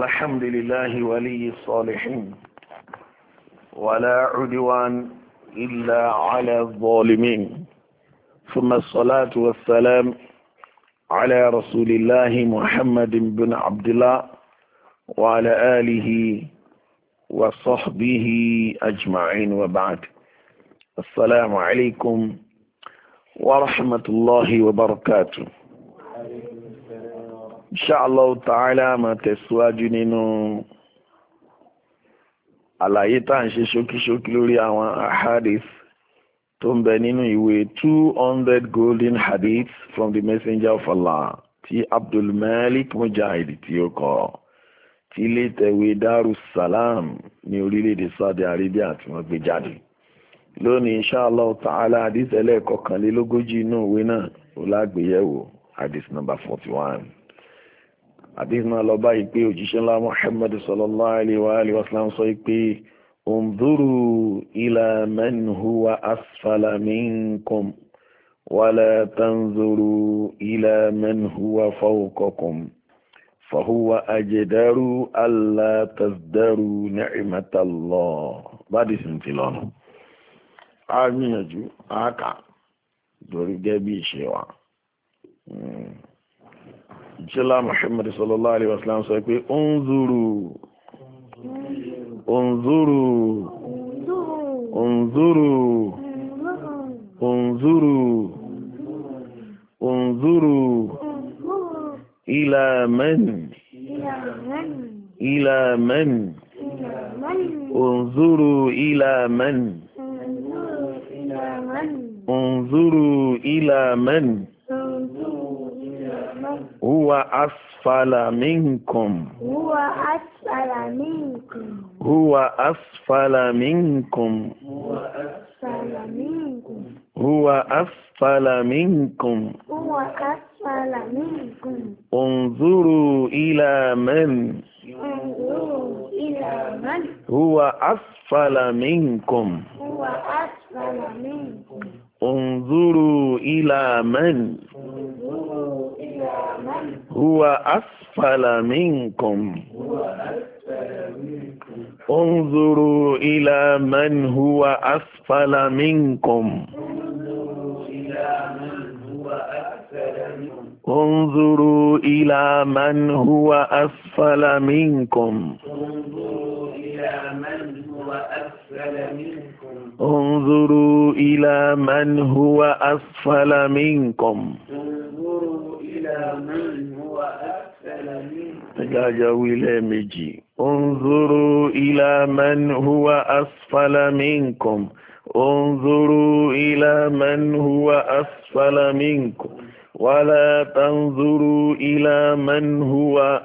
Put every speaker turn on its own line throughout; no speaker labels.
الحمد لله ولي الصالحين ولا عدوان إلا على الظالمين ثم الصلاة والسلام على رسول الله محمد بن عبد الله وعلى آله وصحبه أجمعين وبعد السلام عليكم ورحمة الله وبركاته inshallah ta'ala a máa tẹ̀síwájú nínú àlàyé tá à ń ṣe ṣókíṣókí lórí àwọn ahadith tó ń bẹ nínú ìwé 200 golden hadith from the messenger of Allah ti Abdul Malik Mujahid tí ó kọ tí ilé tẹ̀wé Darussalam ní orílẹ̀-èdè Saudi Arabia tí wọ́n gbé jáde lónìí inshallah ta'ala hadith ẹlẹ́ẹ̀kọkànlélógójì inú ìwé náà ó lágbèyẹ̀wò hadith number 41 àdéhùn náà lọ báyìí pé òjíṣẹ́ ńlá muhammad sallallahu alayhi wa sallam sọ pé unzuru ila man huwa asfala minkum wala tanzuru ila man huwa fawqakum fahuwa ajdaru alla tazdaru ni'matallah bádìí sì ti lọ́nà a gbìyànjú a kà lórí gẹ́bí ìṣe wa. Mm ṣílá Muhammad sallallahu alaihi wasallam sọ pé unzuru unzuru
unzuru
unzuru unzuru ila man asfala minkum.
Huwa asfala minkum.
Huwa asfala minkum. Huwa
asfala
minkum.
Huwa asfala minkum.
Huwa asfala minkum.
Unzuru ila man.
Unzuru
هو أسفل منكم
هو أسفل منكم
انظروا إلى من هو أسفل منكم انظروا إلى من هو أسفل منكم
انظروا إلى من هو أسفل منكم
انظروا إلى من هو أسفل منكم
انظروا إلى من هو أسفل منكم
انظروا إلى من هو أسفل منكم
انظروا إلى
من هو أسفل منكم انظروا إلى من هو أسفل منكم ولا تنظروا إلى من هو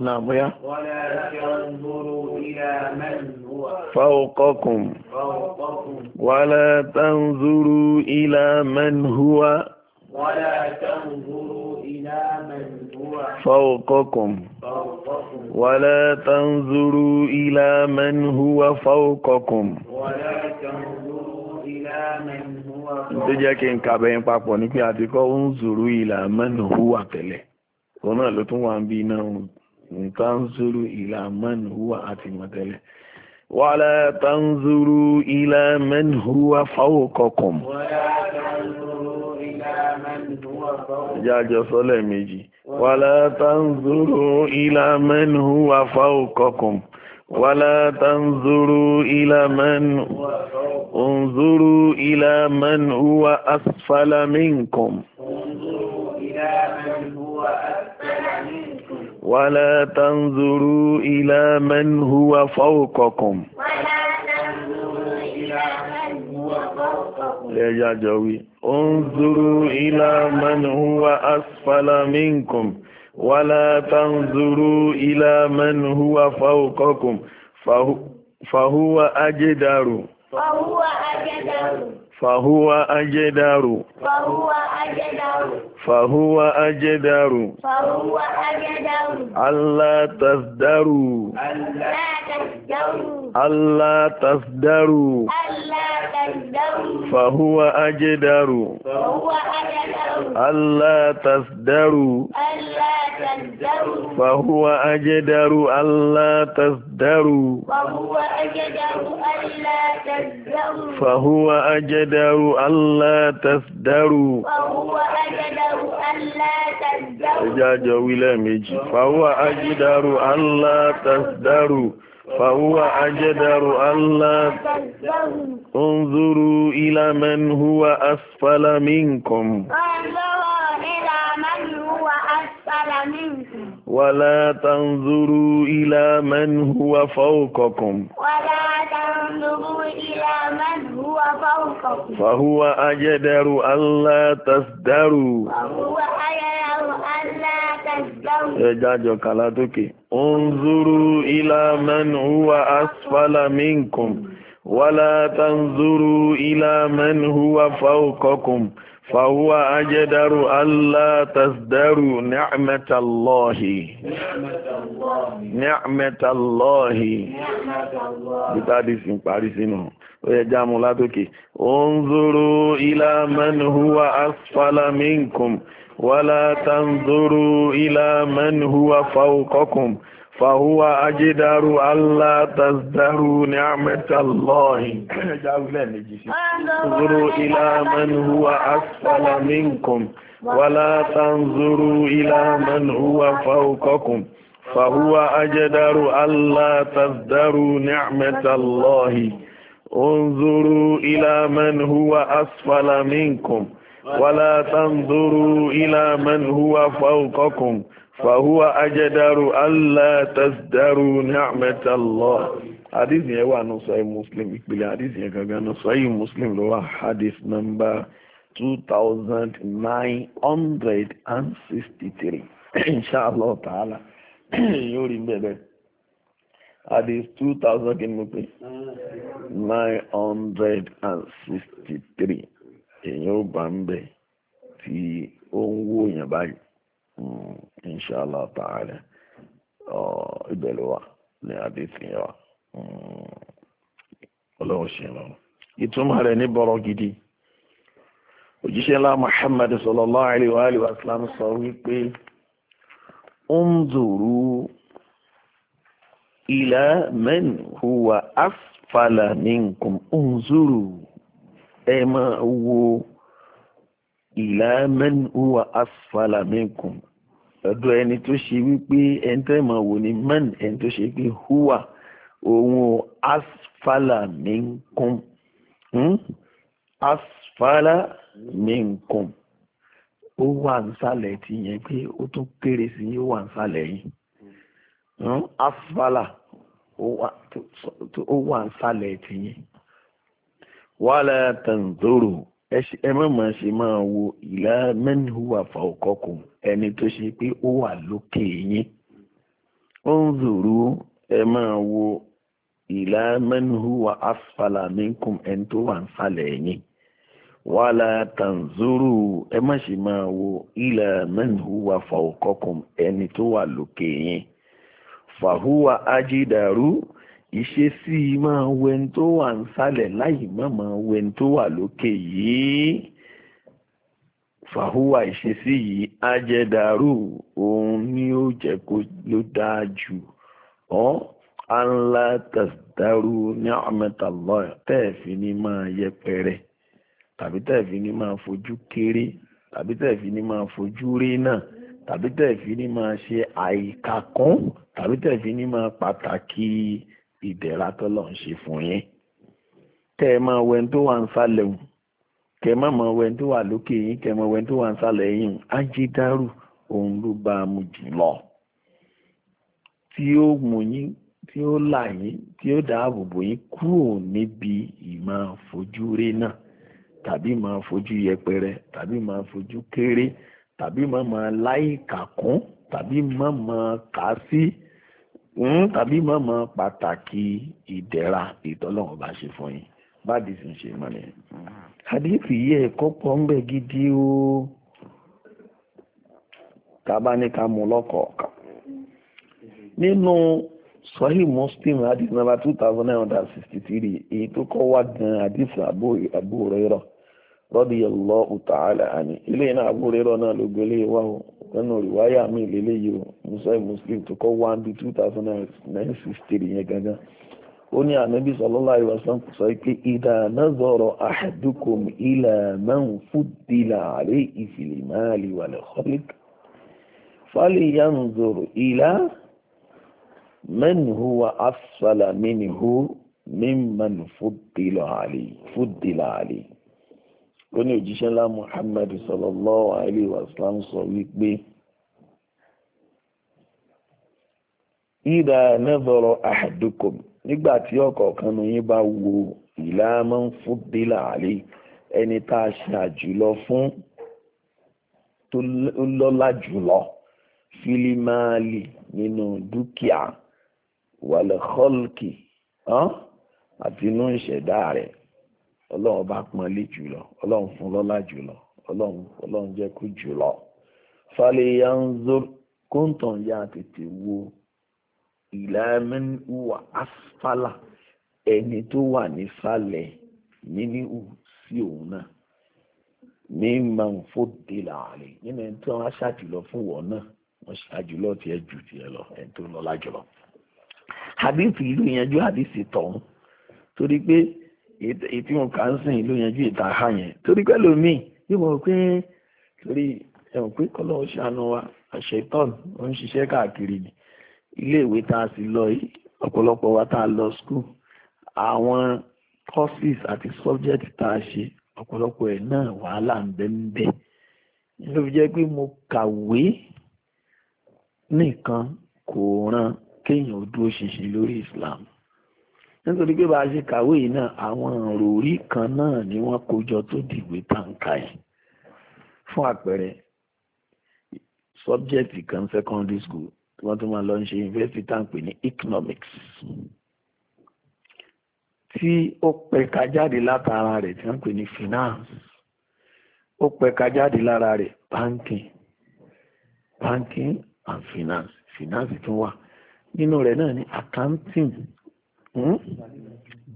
نعم يا
ولا تنظروا إلى من هو
فوقكم
فوقكم
ولا تنظروا إلى من هو
ولا تنظروا إلى من هو
فوقكم
فوقكم
ولا تنظروا إلى من هو فوقكم
ولا تنظروا إلى من tó jẹ́
kí n kàbẹ̀yìn papọ̀ ní pé àti kọ́ ń zòrò ìlà mẹ́nu húwà tẹ́lẹ̀ òun náà ló tún wà ń bí iná nǹkan ń zòrò ìlà mẹ́nu húwà àti mọ̀ tẹ́lẹ̀ wàlá tán zòrò ìlà mẹ́nu húwà fáwọ́ kọkùn. Ìjájọ sọ́lẹ̀ méjì. Wàlá tán zòrò ìlà mẹ́nu húwà fáwọ́ kọkùn. ولا تنظروا إلى من انظروا إلى من هو أسفل منكم ولا تنظروا إلى من هو فوقكم انظروا إلى من هو أسفل منكم ولا تنظروا إلى من هو فوقكم فهو أجدر
فهو أجدر
فهو أجدر
فهو أجدر
فهو أجدر
فهو أجدر
ألا تصدروا ألا تصدروا
ألا تصدروا فهو أجدر فهو أجدر ألا تصدروا ألا فهو
أجدر ألا تزدروا فهو
أجدر ألا تزدروا فهو
أجدر ألا تزدروا فهو
أجدر ألا تزدروا جاجا ولا
ميجي فهو أجدر ألا تزدروا فهو أجدر ألا انظروا إلى من هو أسفل منكم
انظروا إلى من وأكثر منكم
ولا تنظروا إلى من هو فوقكم
ولا تنظروا إلى من هو فوقكم فهو
أجدر ألا تصدروا فهو
أجدر ألا تصدروا
إجاجو كالاتوكي انظروا إلى من هو أسفل منكم ولا تنظروا إلى من هو فوقكم فهو أجدر ألا تزدروا نعمة الله نعمة الله بتادي سين باري سينو ويجامو لاتوكي انظروا إلى من هو أسفل منكم ولا تنظروا إلى من هو فوقكم فهو أجدر ألا تزدروا نعمة الله
انظروا إلى من هو
أسفل منكم
ولا
تنظروا إلى من هو فوقكم فهو أجدر ألا تزدروا نعمة الله انظروا إلى من هو أسفل منكم ولا تنظروا إلى من هو فوقكم fàhúwà ajẹ́dáró alátàdáró ni'mat Allah hadith yẹn wà ní sọ́yìn muslim ìpìlẹ̀ hadith yẹn gangan ní sọ́yìn muslim ló hadith number two thousand nine inshallah ta'ala yóò rí bẹ́ẹ̀ hadith two thousand nine hundred and ó bá ń bẹ̀ inṣàlá tààrẹ ìbẹ̀rù wa ní wa hmm, ọlọ́run ṣe lọ. ìtumọ̀ rẹ̀ ní bọ̀rọ̀ gidi òjíṣẹ́ ńlá Muhammad sallallahu alaihi wa sallam sọ wípé unzuru ila man huwa asfala minkum unzuru ẹ wo. ìlà mẹ́nuwa asfala minkum ọ̀dọ̀ ẹni tó ṣe wípé ẹni tẹ́ mọ̀ wò ní mẹ́n ẹni tó ṣe pé huwa òun asfala minkum hmm? asfala minkum ó wà nísàlẹ̀ tí yẹn pé ó tún kéré sí ó wà nísàlẹ̀ yìí hmm? asfala ó wà nísàlẹ̀ tí yẹn wala tanzuru ẹ má máa ṣe máa wo ìlà mẹ́nuwà fa ọ̀kọ́kùn ẹni tó ṣe pé ó wà lókè yín ó ń zòrú ẹ máa wo ìlà mẹ́nuwà asfala minkum ẹni tó wà ń sàlẹ̀ yín wàhálà tàǹzórò ẹ má ṣe máa wo ìlà mẹ́nuwà fa ọ̀kọ́kùn ẹni tó wà lókè yín fàhùwà ajídàrú ìṣesí máa wẹn tó wà ń sálẹ̀ láì má máa wẹn tó wà lókè yìí fàhùwà ìṣesí yìí á òun ni ó jẹ́ kó ló dáa jù ọ́ anla tasdaru ni'matallahi tẹ́ẹ̀fì ni máa yẹpẹrẹ tàbí tẹ́ẹ̀fì ni máa fojú kéré tàbí tẹ́ẹ̀fì ni máa fojú rí náà tàbí tẹ́ẹ̀fì ni máa ṣe àìkàkún tàbí tẹ́ẹ̀fì ni máa pàtàkì ìdẹ̀ra tọ́lọ̀ ń ṣe fún yín kẹ́ ẹ máa wẹ́n tó wà ń sálẹ̀ hùn kẹ́ ẹ má máa wẹ́n tó wà lókè yín kẹ́ ẹ máa wẹ́n tó wà ń sálẹ̀ yín hùn ájídárù òun ló bá a mú jù lọ tí ó mú yín tí ó là yín tí ó dáàbò bò yín kúrò níbi ìmọ̀ fojú rí náà tàbí máa fojú yẹpẹrẹ tàbí máa fojú kéré tàbí máa máa láìkà kún tàbí máa máa kà á sí. Si Hmm? tàbí mọ̀mọ́ pàtàkì ìdẹ̀ra ìtọ́lọ́run bá ṣe fún yín bá dìsí ṣe mọ́ ni. yìí ẹ̀kọ́ pọ̀ ń gidi o tàbá ní ká mú lọ́kọ̀ọ̀kan nínú sọ́hí muslim hadith number two thousand nine hundred sixty three èyí tó kọ́ wá gan nínú rìwáyà mi lélẹ́yìí o musa muslim tó kọ́ one b two thousand nine sixty yẹn gangan ó ní ànábì sallallahu alaihi wasallam kò sọ pé idha nazara ahadukum ila man fuddila alayhi fil mali wal khalq falyanzur ila man huwa asfala minhu mimman fuddila alayhi fuddila alayhi ó ní òjíṣẹ́ ńlá Muhammad sallallahu alaihi wasallam sọ wípé ìdá nadhara ahadukum nígbà tí ọ̀kọ̀ọ̀kan nu yín bá wo ìlà man fuddila alaihi ẹni tá a ṣe àjùlọ fún tó lọ́lá jùlọ fílímáàlì nínú dúkìá wàlẹ̀ kọ́lùkì àti ìṣẹ̀dá rẹ̀ ọlọ́run bá pọ́nlé jùlọ ọlọ́run fún lọ́lá jùlọ ọlọ́run ọlọ́run jẹ́ kó jùlọ. falyanzur kóńtàn yá tètè wo ìlàmín wà asfala ẹni tó wà nísàlẹ̀ míníhù sí òun náà ní máa ń fòdè láàrin nínú ẹni tó wá ṣàjùlọ fún wọn náà wọ́n ṣàjùlọ tiẹ̀ jù tiẹ̀ lọ ẹni tó lọ́lá jùlọ. hadith ìlú ìyẹn ju hadith tọ̀hún torí pé ètí wọn kà ń sìn ló yanjú ìta ha yẹn torí pẹ́lú mi yóò mọ̀ pé torí ẹ̀wọ̀n pé kọ́lọ́ ṣàánú wa àṣetán ó ń ṣiṣẹ́ káàkiri ni iléèwé tá a sì lọ yìí ọ̀pọ̀lọpọ̀ wa tá a lọ school àwọn courses àti subject tá a ṣe ọ̀pọ̀lọpọ̀ ẹ̀ náà wàhálà ń bẹ ń bẹ ló fi jẹ́ pé mo kàwé nìkan kò ran kéèyàn ó dúró ṣinṣin lórí Islam nítorí pé bá a ṣe kàwé yìí náà àwọn òròrí kan náà ni wọ́n kójọ tó dìgbé tàǹkà yìí fún àpẹẹrẹ sọ́bjẹ́tì kan secondary school tí wọ́n tún máa lọ ń ṣe yunifásitì tàǹpẹ̀ ní economics tí ó pẹ̀ka jáde látara rẹ̀ tí wọ́n pè ní finance ó pẹ̀ka jáde lára rẹ̀ banking banking and finance finance tún wà nínú rẹ̀ náà ní accounting Hmm?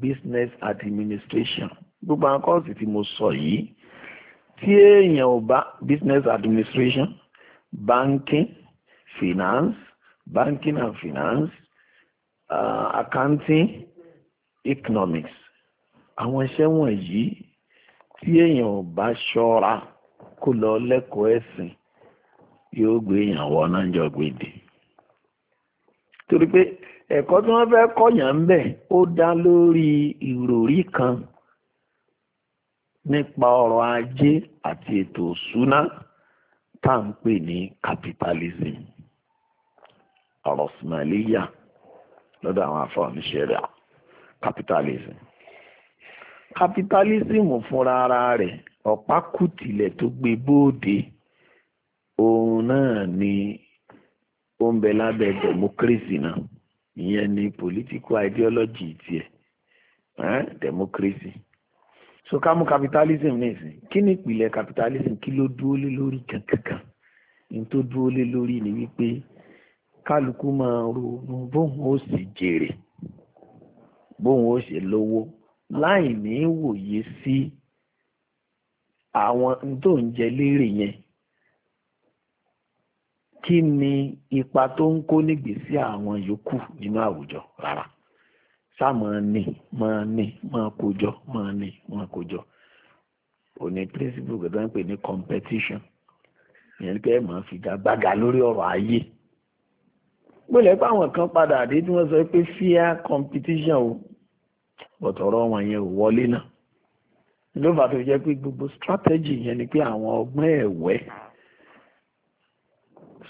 business administration gbogbo àwọn kọ́ọ̀sì tí mo sọ yìí tí èèyàn ò bá business administration banking finance banking and finance uh, accounting economics àwọn iṣẹ́ wọ̀nyí tí èèyàn ò bá ṣọ́ra kó lọ lẹ́kọ̀ọ́ ẹ̀sìn yóò gbé èèyàn wọ náà jọ gbèdè torí pé ẹ̀kọ́ tí wọ́n fẹ́ kọ́yàn ń bẹ̀ ó dá lórí ìròrí kan nípa ọrọ̀ ajé àti ètò òṣúná tá à ń pè ní capitalism ọ̀rọ̀ sìmàlíyà lọ́dọ̀ àwọn afọ́nṣẹ́rẹ́ capitalism capitalism fúnra ara rẹ̀ ọ̀pákùtìlẹ̀ tó gbé bóde òun náà ni ó ń bẹ lábẹ́ democracy náà ìyẹn ni political ideology tiẹ̀ eh? democracy so ká mú capitalism nísìn kí ni ìpìlẹ̀ capitalism kí ló dúró lé lórí kankankan ní tó dúró lé lórí ni wípé kálukú máa ronú bóun ó sì jèrè bóun ó ṣe lówó láì ní wòye sí àwọn tó ń jẹ lérè yẹn kí ni ipa tó ń kó nígbèsí àwọn yòókù nínú àwùjọ rárá sáà máa ní máa ní máa kójọ máa ní máa òní principle gbọdọ̀ ń pè ní competition ìyẹn pé ẹ̀ máa figagbága lórí ọ̀rọ̀ ayé gbọ́dọ̀ pé àwọn kan padà dé tí wọ́n sọ pé fair competition o bọ̀tọ̀ ọ̀rọ̀ wọn yẹn ò wọlé náà ló fà tó jẹ́ pé gbogbo strategy yẹn ni pé àwọn ọgbọ́n ẹ̀wẹ́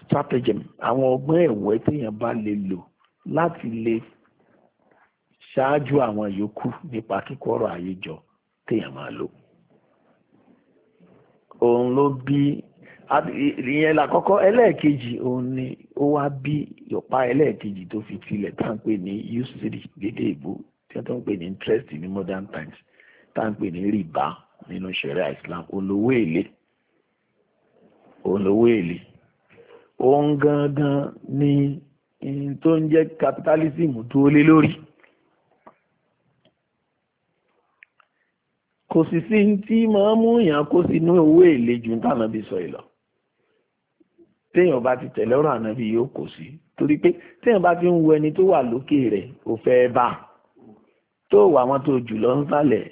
stratagem àwọn ọgbọ́n ẹ̀wẹ́ téèyàn bá lè lò láti lè ṣáájú àwọn yòókù nípa kíkó ọ̀rọ̀ ayé jọ téèyàn máa lò òun ló bí ìyẹn làkọ́kọ́ ẹlẹ́ẹ̀kejì òun ni ó wá bí ọ̀pá ẹlẹ́ẹ̀kejì tó fi tilẹ̀ tá à ń pè ní usury lédè ìbò tí wọ́n tó ń pè ní interest ní modern times tá à ń pè ní rìbá nínú ṣẹ̀ríà Islam olówó èlé olówó èlé òun gangan ni tó ń jẹ́ capitalism tó lé lórí. kò sì sí tí máa mú èèyàn kó sínú owó èlé ju tànàbí sọ ìlọ téèyàn bá ti tẹ̀lé ọ̀rọ̀ ànábì yóò kò sí torí pé téèyàn bá ti ń wo ẹni tó wà lókè rẹ̀ ò fẹ́ bá tó wà wọn tó jù ń sálẹ̀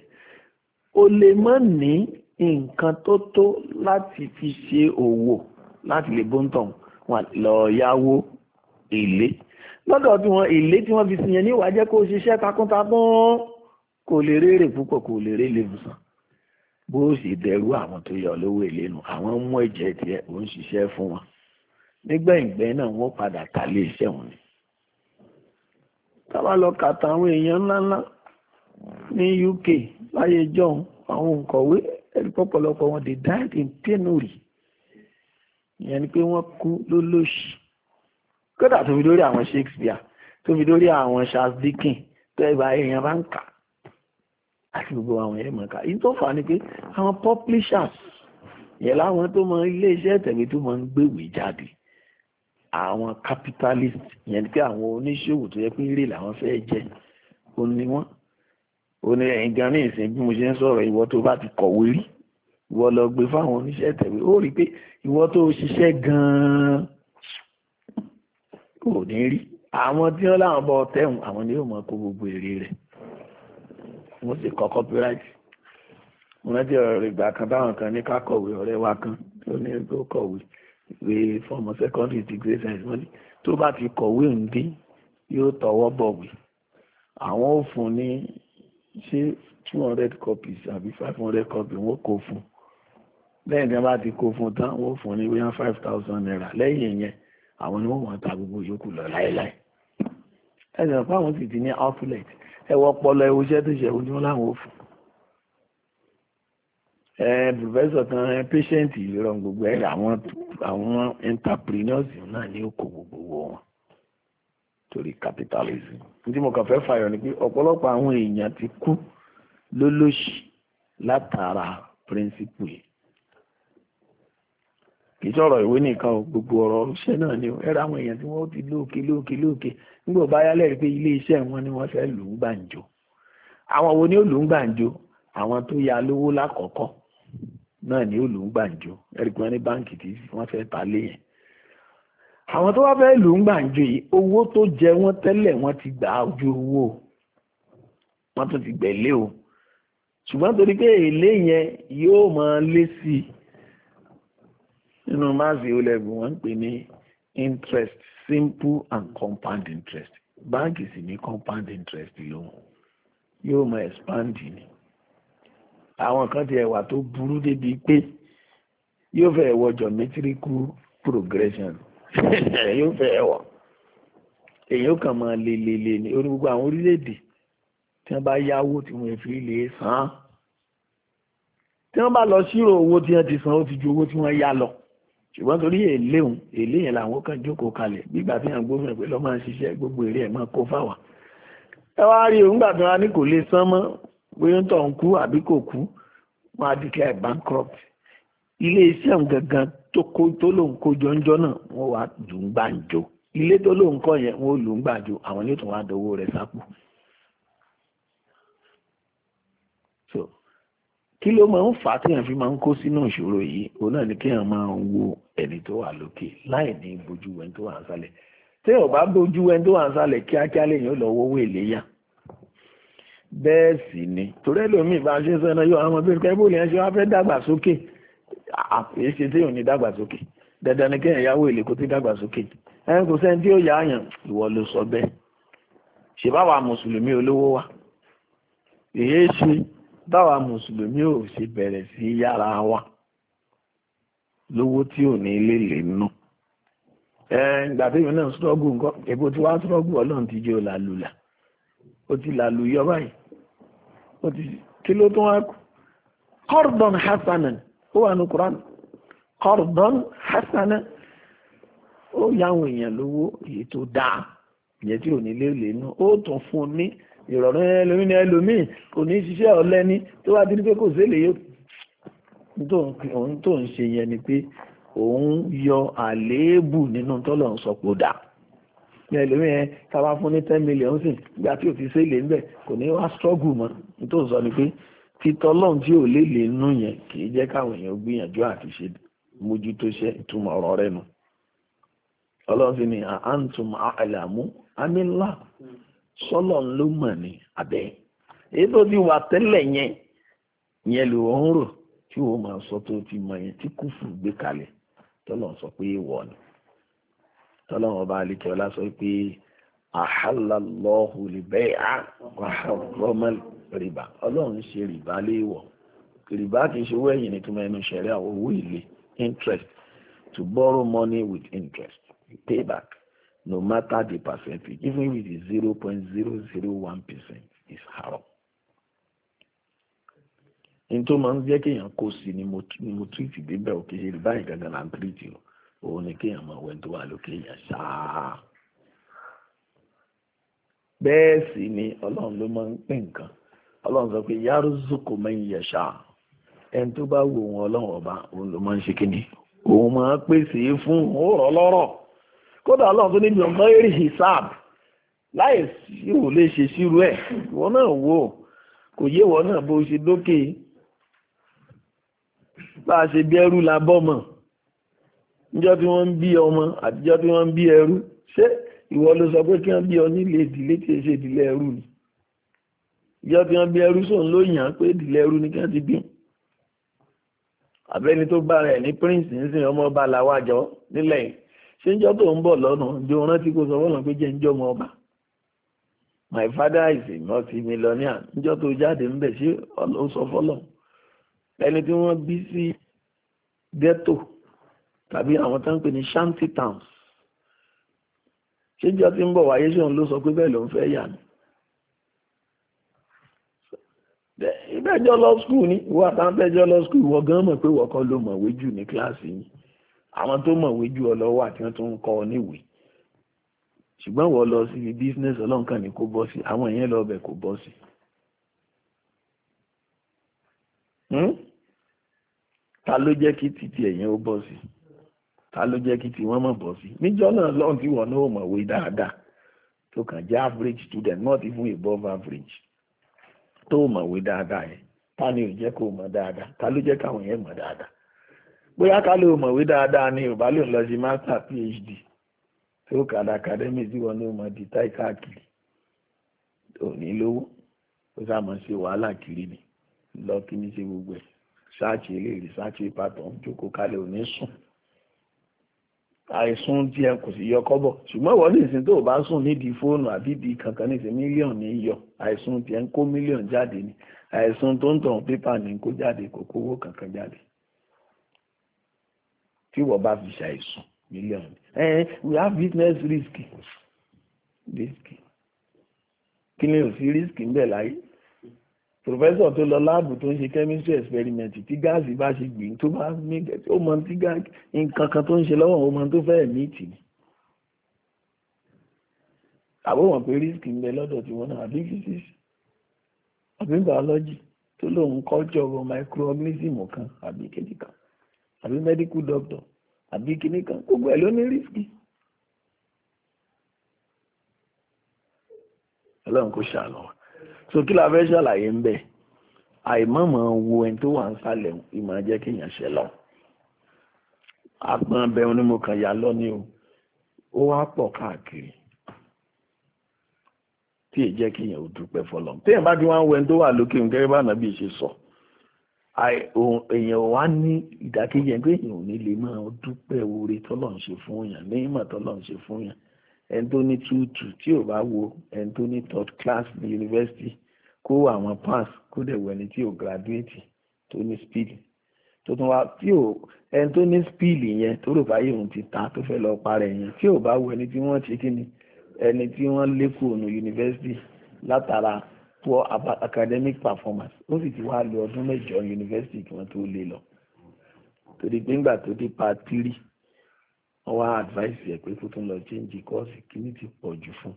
o lè má ní nǹkan tó tó láti fi ṣe òwò láti lè bóńtàn wọn lọ yáwó èlé lọ́dọ̀ tí wọ́n èlé tí wọ́n fi sìyẹn níwàá jẹ́ kó ṣiṣẹ́ takuntakun kò lè rèrè púpọ̀ kò lè rè lébùsàn bó sì dẹrú àwọn tó yọ lówó èlé nu àwọn ń mú ẹ̀jẹ̀ tiẹ̀ ò ń ṣiṣẹ́ fún wọn nígbẹ̀yìngbẹ́ náà wọ́n padà ta lé iṣẹ́ wọn ni tábà lọ kàtà àwọn èèyàn ńláńlá ní UK láyé john àwọn òǹkọ̀wé ẹ̀rí pọ̀pọ̀lọpọ̀ wọn they died in penury ìyẹn ni pé wọ́n kú lólòṣì kódà tó fi dórí àwọn Shakespeare tó fi dórí àwọn Charles Dickens tó ẹgbà èèyàn bá ń kà àti gbogbo àwọn ẹ̀mọ̀ ká yìí tó fà ni pé àwọn publishers yẹn láwọn tó mọ iléeṣẹ́ ìtẹ̀wé tó mọ ń gbèwé jáde àwọn capitalist yẹn ni pé àwọn oníṣòwò tó yẹ pé èrè làwọn fẹ́ jẹ òun ni wọ́n ẹ̀yìn gan ìsìn bí mo ṣe ń sọ̀rọ̀ ìwọ tó bá ti kọ̀wé rí ìwọ lọ gbé fáwọn oníṣẹ́ ìtẹ̀wé ó rí i pé ìwọ tó ṣiṣẹ́ gan-an kò ní rí àwọn tí wọ́n láwọn bọ́ tẹ̀hún àwọn ni yóò mọ kó gbogbo èrè rẹ̀ wọ́n sì kọ́ copyright mo rántí ọ̀rọ̀ ìgbà kan táwọn kan ní ká kọ̀wé ọ̀rẹ́ wa kan tó ní kó kọ̀wé ìwé fọmọ secondary degree science wọ́n ní tó bá ti kọ̀wé òǹdí yóò tọwọ́ bọ̀wé àwọn ò fún ní ṣé two hundred copies àbí five hundred copies wọ́n kò fún un lẹ́yìn tí wọ́n bá ti kó fún tán wọ́n fún ní wíyán five thousand naira lẹ́yìn yẹn àwọn ni wọ́n wọ́n ta gbogbo yòókù lọ láéláé ẹ̀sìn ọ̀pá àwọn sì ti ní outlet ẹ wọ ọpọlọ ẹ oṣẹ́ tó ṣe ojú láwọn òfin ẹ pòfẹ́sọ̀ kan ẹ patient ìlera gbogbo ẹ àwọn àwọn entrepreneurs náà ní oko gbogbo wọn torí capitalism tí mo kàn fẹ́ fàyọ ni pé ọ̀pọ̀lọpọ̀ àwọn èèyàn ti kú lólóṣì látara principle yìí kì í sọ̀rọ̀ ìwé nìkan o gbogbo ọ̀rọ̀ iṣẹ́ náà ni o ẹ̀rọ àwọn èèyàn tí wọ́n ti lóòkè lóòkè lóòkè nígbà bá yálẹ̀ rí pé ilé iṣẹ́ wọn ni wọ́n fẹ́ lù ú gbàǹjo àwọn wo ni ó lù ú gbàǹjo àwọn tó ya lówó lákọ̀ọ́kọ́ náà ni ó lù ú gbàǹjo ẹ̀rí pé wọ́n ní báǹkì tí wọ́n fẹ́ ta lé yẹn àwọn tó wá fẹ́ lù ú gbàǹjo yìí owó tó jẹ wọ́n tẹ́lẹ̀ wọ́n ti gbà á owó wọ́n tún ti gbẹ̀lé o ṣùgbọ́n torí pé èlé yẹn yóò máa lé sí i nínú máàsì olẹ́gùn wọ́n ń pè ní interest simple and compound interest báńkì sì ní compound interest lóhùn yóò mọ expand ni àwọn kan ti ẹ̀wà tó burú débi pé yóò fẹ́ wọ geometrical progression yóò fẹ́ wọ èyí ó kàn máa lelele ní orí gbogbo àwọn orílẹ̀-èdè tí wọ́n bá yáwó tí wọ́n fi lè san án tí wọ́n bá lọ sírò owó tí wọ́n ti san ó ti ju owó tí wọ́n yá lọ ṣùgbọ́n torí èléhùn èlé yẹn làwọn kan jókòó kalẹ̀ gbígbà tí àwọn gómìnà pé lọ́ máa ṣiṣẹ́ gbogbo èrè ẹ̀ máa kó fáwa. ẹ wá rí òun gbà tí ní kò lè san mọ́ bóyá ń tọ̀ ń kú àbí kò kú wọn á declare bankrupt ilé iṣẹ́ òun gangan tó kó tó lòun kó jọ́njọ́ náà wọ́n wá lù ú gbàǹjo ilé tó lòun kọ́ yẹn wọ́n lù ú gbàǹjo àwọn yóò tún wá dọwọ́ rẹ̀ sápò kí ló máa ń fà á téèyàn fi máa ń kó sínú ìṣòro yìí òun náà ni kéèyàn máa ń wo ẹni tó wà lókè láì ní bojú wẹni tó wà ń sálẹ̀ tí ò bá bojú wẹni tó wà ń sálẹ̀ kíákíá lèyàn lọ wọ́wọ́ èlé yá bẹ́ẹ̀ sì ni torí ẹlòmíì bá ṣe sọ ẹnà yóò àwọn ọmọbìnrin kẹ́bù lè ṣe wá fẹ́ dàgbàsókè àpèéṣe téèyàn ní dàgbàsókè dandan ni kéèyàn yáwó èlé kó tí dàgbàsókè ẹn kò tí báwa mùsùlùmí ò ṣe bẹ̀rẹ̀ sí yára wa lówó tí ò ní lè lè nù ìgbà tí èmi náà ṣọ́gù nǹkan èbó tí wàá ṣọ́gù ọlọ́run ti jẹ́ òlàlùlà ó ti làlù yọ báyìí ó ti kí ló tún wá kù kọ́rdọ̀n hasanan ó wà ní Qur'an kọ́rdọ̀n hasanan ó yáwọn èèyàn lówó èyí tó dáa ìyẹn tí ò ní lè lè nù ó tún fún ní ìrọ̀rùn ẹlòmí ni ẹlòmí kò ní ṣiṣẹ́ ọ̀lẹ́ni tó wá dín pé kò sílè yóò òun tó ń ṣe yẹn ni pé òun yọ àléébù nínú tọ́lọ̀ ń sọpọ̀ dà ní ẹlòmí yẹn táwa fún ní ten million sí ìgbà tí ò ti sílè ńbẹ kò ní wá struggle mọ́ tó ń sọ ni pé títọ́ lọ́n tí ò lè lè nú yẹn kì í jẹ́ káwọn èèyàn gbìyànjú àti ṣe mójútó ṣe ìtumọ̀ ọ̀rọ̀ rẹ̀ nù ọlọ́run sì ni à àlàmú amílà sọ́lọ̀ ló mọ̀ ní abẹ́ èyí tó ti wà tẹ́lẹ̀ yẹn yẹn ló ń rò tí wọ́n máa sọ tó ti mọ̀ yẹn tí kúfù gbé kalẹ̀ tọ́lọ̀ sọ pé wọ̀ ni tọ́lọ̀ wọn bá lè tọ́lá sọ pé àhàlàlọ́hù lìbẹ́yà wàhálọ́mọ́lì rìbá ọlọ́run ṣe rìbá léèwọ̀ rìbá kì í ṣe owó ẹ̀yìn nítorí ẹnu ṣẹ̀rẹ́ àwọn owó ìlé interest to borrow money with interest payback no matter the percentage, even if it is 0.001%, is haram. In two months, ń jẹ́ kéèyàn kó sí ni mo túwìtì débẹ̀ òkè ṣe báyìí gangan là ń tírìtì o òun ni kéèyàn máa wẹ̀ tó wà lókè èèyàn ṣáá. bẹ́ẹ̀ sì ni ọlọ́run ló máa ń pín nǹkan ọlọ́run sọ pé yàrá zoko máa ń yẹ ṣáá ẹni tó bá wo òun ọlọ́run ọba òun ló máa ń ṣe kíni òun máa pèsè fún òun rọ̀ lọ́rọ̀ kódà ọlọ́run tó níbi ọmọ eré hisab láì sí ò lè ṣe sírú ẹ̀ wọn náà wò kò yé wọn náà bó ṣe dókè bá a ṣe bí ẹrú la bọ́mọ̀ níjọ́ tí wọ́n ń bí ọmọ àtijọ́ tí wọ́n ń bí ẹrú ṣé ìwọ ló sọ pé kí wọ́n bí ọ nílé ìdílé tí èṣe ìdílé ẹrú ni ìjọ tí wọ́n bí ẹrú sóun ló yàn án pé ìdílé ẹrú ni kí wọ́n ti bí àbẹ́ni tó bá rẹ̀ ní prince nísìnyí ọmọ ọba làwájọ nílẹ̀ yìí ṣé ń jọ́ tó ń bọ̀ lọ́nà jọ rántí kó sọ fọ́lọ́ pé jẹ́ ń jọ́ mọ ọba my father is in North millionaire ń jọ́ tó jáde ń bẹ̀ ṣé ó sọ fọ́lọ́ ẹni tí wọ́n bí sí ghetto tàbí àwọn tó ń pè ní shanty towns ṣé ń jọ́ tí ń bọ̀ wáyé ṣé òun ló sọ pé bẹ́ẹ̀ ló ń fẹ́ yà ni ìbẹ́jọ́ lọ skúù ní ìwọ àtàntẹ́jọ́ lọ skúù ìwọ gan mọ̀ pé wọ́kọ́ ló mọ̀wé jù ní kíláàsì yìí àwọn tó mọ̀wé jù ọ lọ́wọ́ àti wọn tó ń kọ́ ọ níwèé ṣùgbọ́n wọ́n lọ síbi business ọlọ́nkan ni kò bọ́ sí àwọn èèyàn lọ bẹ̀ kò bọ́ sí. Hmm? ta ló jẹ́ kí títí ẹ̀yìn ó bọ́ sí ta ló jẹ́ kí tí wọ́n mọ̀ bọ́ sí níjọ́ náà lọ́hùn tí wọ́n náà mọ̀wé dáadáa tó kàn jẹ́ average student not even above average tó mọ̀wé dáadáa yẹn ta ni ò jẹ́ kó mọ̀ dáadáa ta ló jẹ́ káwọn yẹn mọ̀ dáadáa bóyá ká ló mọ̀wé dáadáa ni ò lòun lọ ṣe master phd tí ó kàdà academy tí wọn ló mọ di táì káàkiri ò ní lówó ó sàmọ ṣe wàhálà kiri ni lọ kí ní ṣe gbogbo ẹ ṣáàṣì eléyìí ṣáàṣì ìbátan jókòó kalẹ̀ ò ní sùn àìsùn tí ẹ kò sì yọ kọ́bọ̀ ṣùgbọ́n ìwọ nìsín tó o bá sùn nídìí fóònù àbí di kankan nìsín mílíọ̀nù ní yọ àìsùn tí ń kó mílíọ̀nù jáde ni àìsùn tó ń tàn pépà ní kó jáde kò kówó kankan jáde tí wọ́n bá fi ṣàìsùn mílíọ̀nù ẹ eh, we have business risk risk kí ni ò sí risk ń bẹ̀ láyé professor tó lọ láàbù tó ń ṣe chemistry experiment tí gáàsì bá ṣe gbìn tó bá mí ó mọ tí nǹkan kan tó ń ṣe lọ́wọ́ ó mọ tó fẹ́ mí tì ní àbúrò pé risk ń bẹ lọ́dọ̀ tí wọ́n náà àbí physics àbí biology tó lóun culture microorganism kan àbí kejì kan àbí medical doctor àbí kinní kan gbogbo ẹ̀ ló ní rísíkì. ọlọ́run kò ṣàánú so kí la fẹ́ ṣàlàyé ń bẹ̀ àìmọ̀mọ̀ wo ẹni tó wà ń sálẹ̀ ìmọ̀ jẹ́ kí èèyàn ṣe lọ agbọn abẹ́hùn ni mo kàn yà lọ́ní o ó wá pọ̀ káàkiri tí èèyàn jẹ́ kí èèyàn ò dúpẹ́ fọlọ́n téèyàn bá ti wá wẹ ẹni tó wà lókè ń gẹ́gẹ́ bá nàbí ṣe sọ. So èèyàn wá ní ìdákẹ́jẹ́ pé èèyàn ò ní lè máa dúpẹ́ oore tọ́lọ̀ ń ṣe fún èèyàn ní ìmọ̀ tọ́lọ̀ ń ṣe fún èèyàn ẹni tó ní túùtù tí ò bá wo ẹni tó ní third class ní yunifásitì kó àwọn pass kó dẹ̀ wọ ẹni tí ò graduate tó ní speed tó tún wá tí ò ẹni tó ní speed yẹn tó rò báyìí òun ti ta tó fẹ́ lọ parẹ́ yẹn tí ò bá wo ẹni tí wọ́n ṣe kí ni ẹni tí wọ́n lékòó nù yunifásitì látara poor academic performance ó sì ti wá lò ọdún mẹ́jọ yunifásitì kí wọ́n tó lè lọ torí pé ńgbà tó dé part three wọ́n wá advice ẹ̀ pé kó tún lọ change course kíní ti pọ̀ jù fún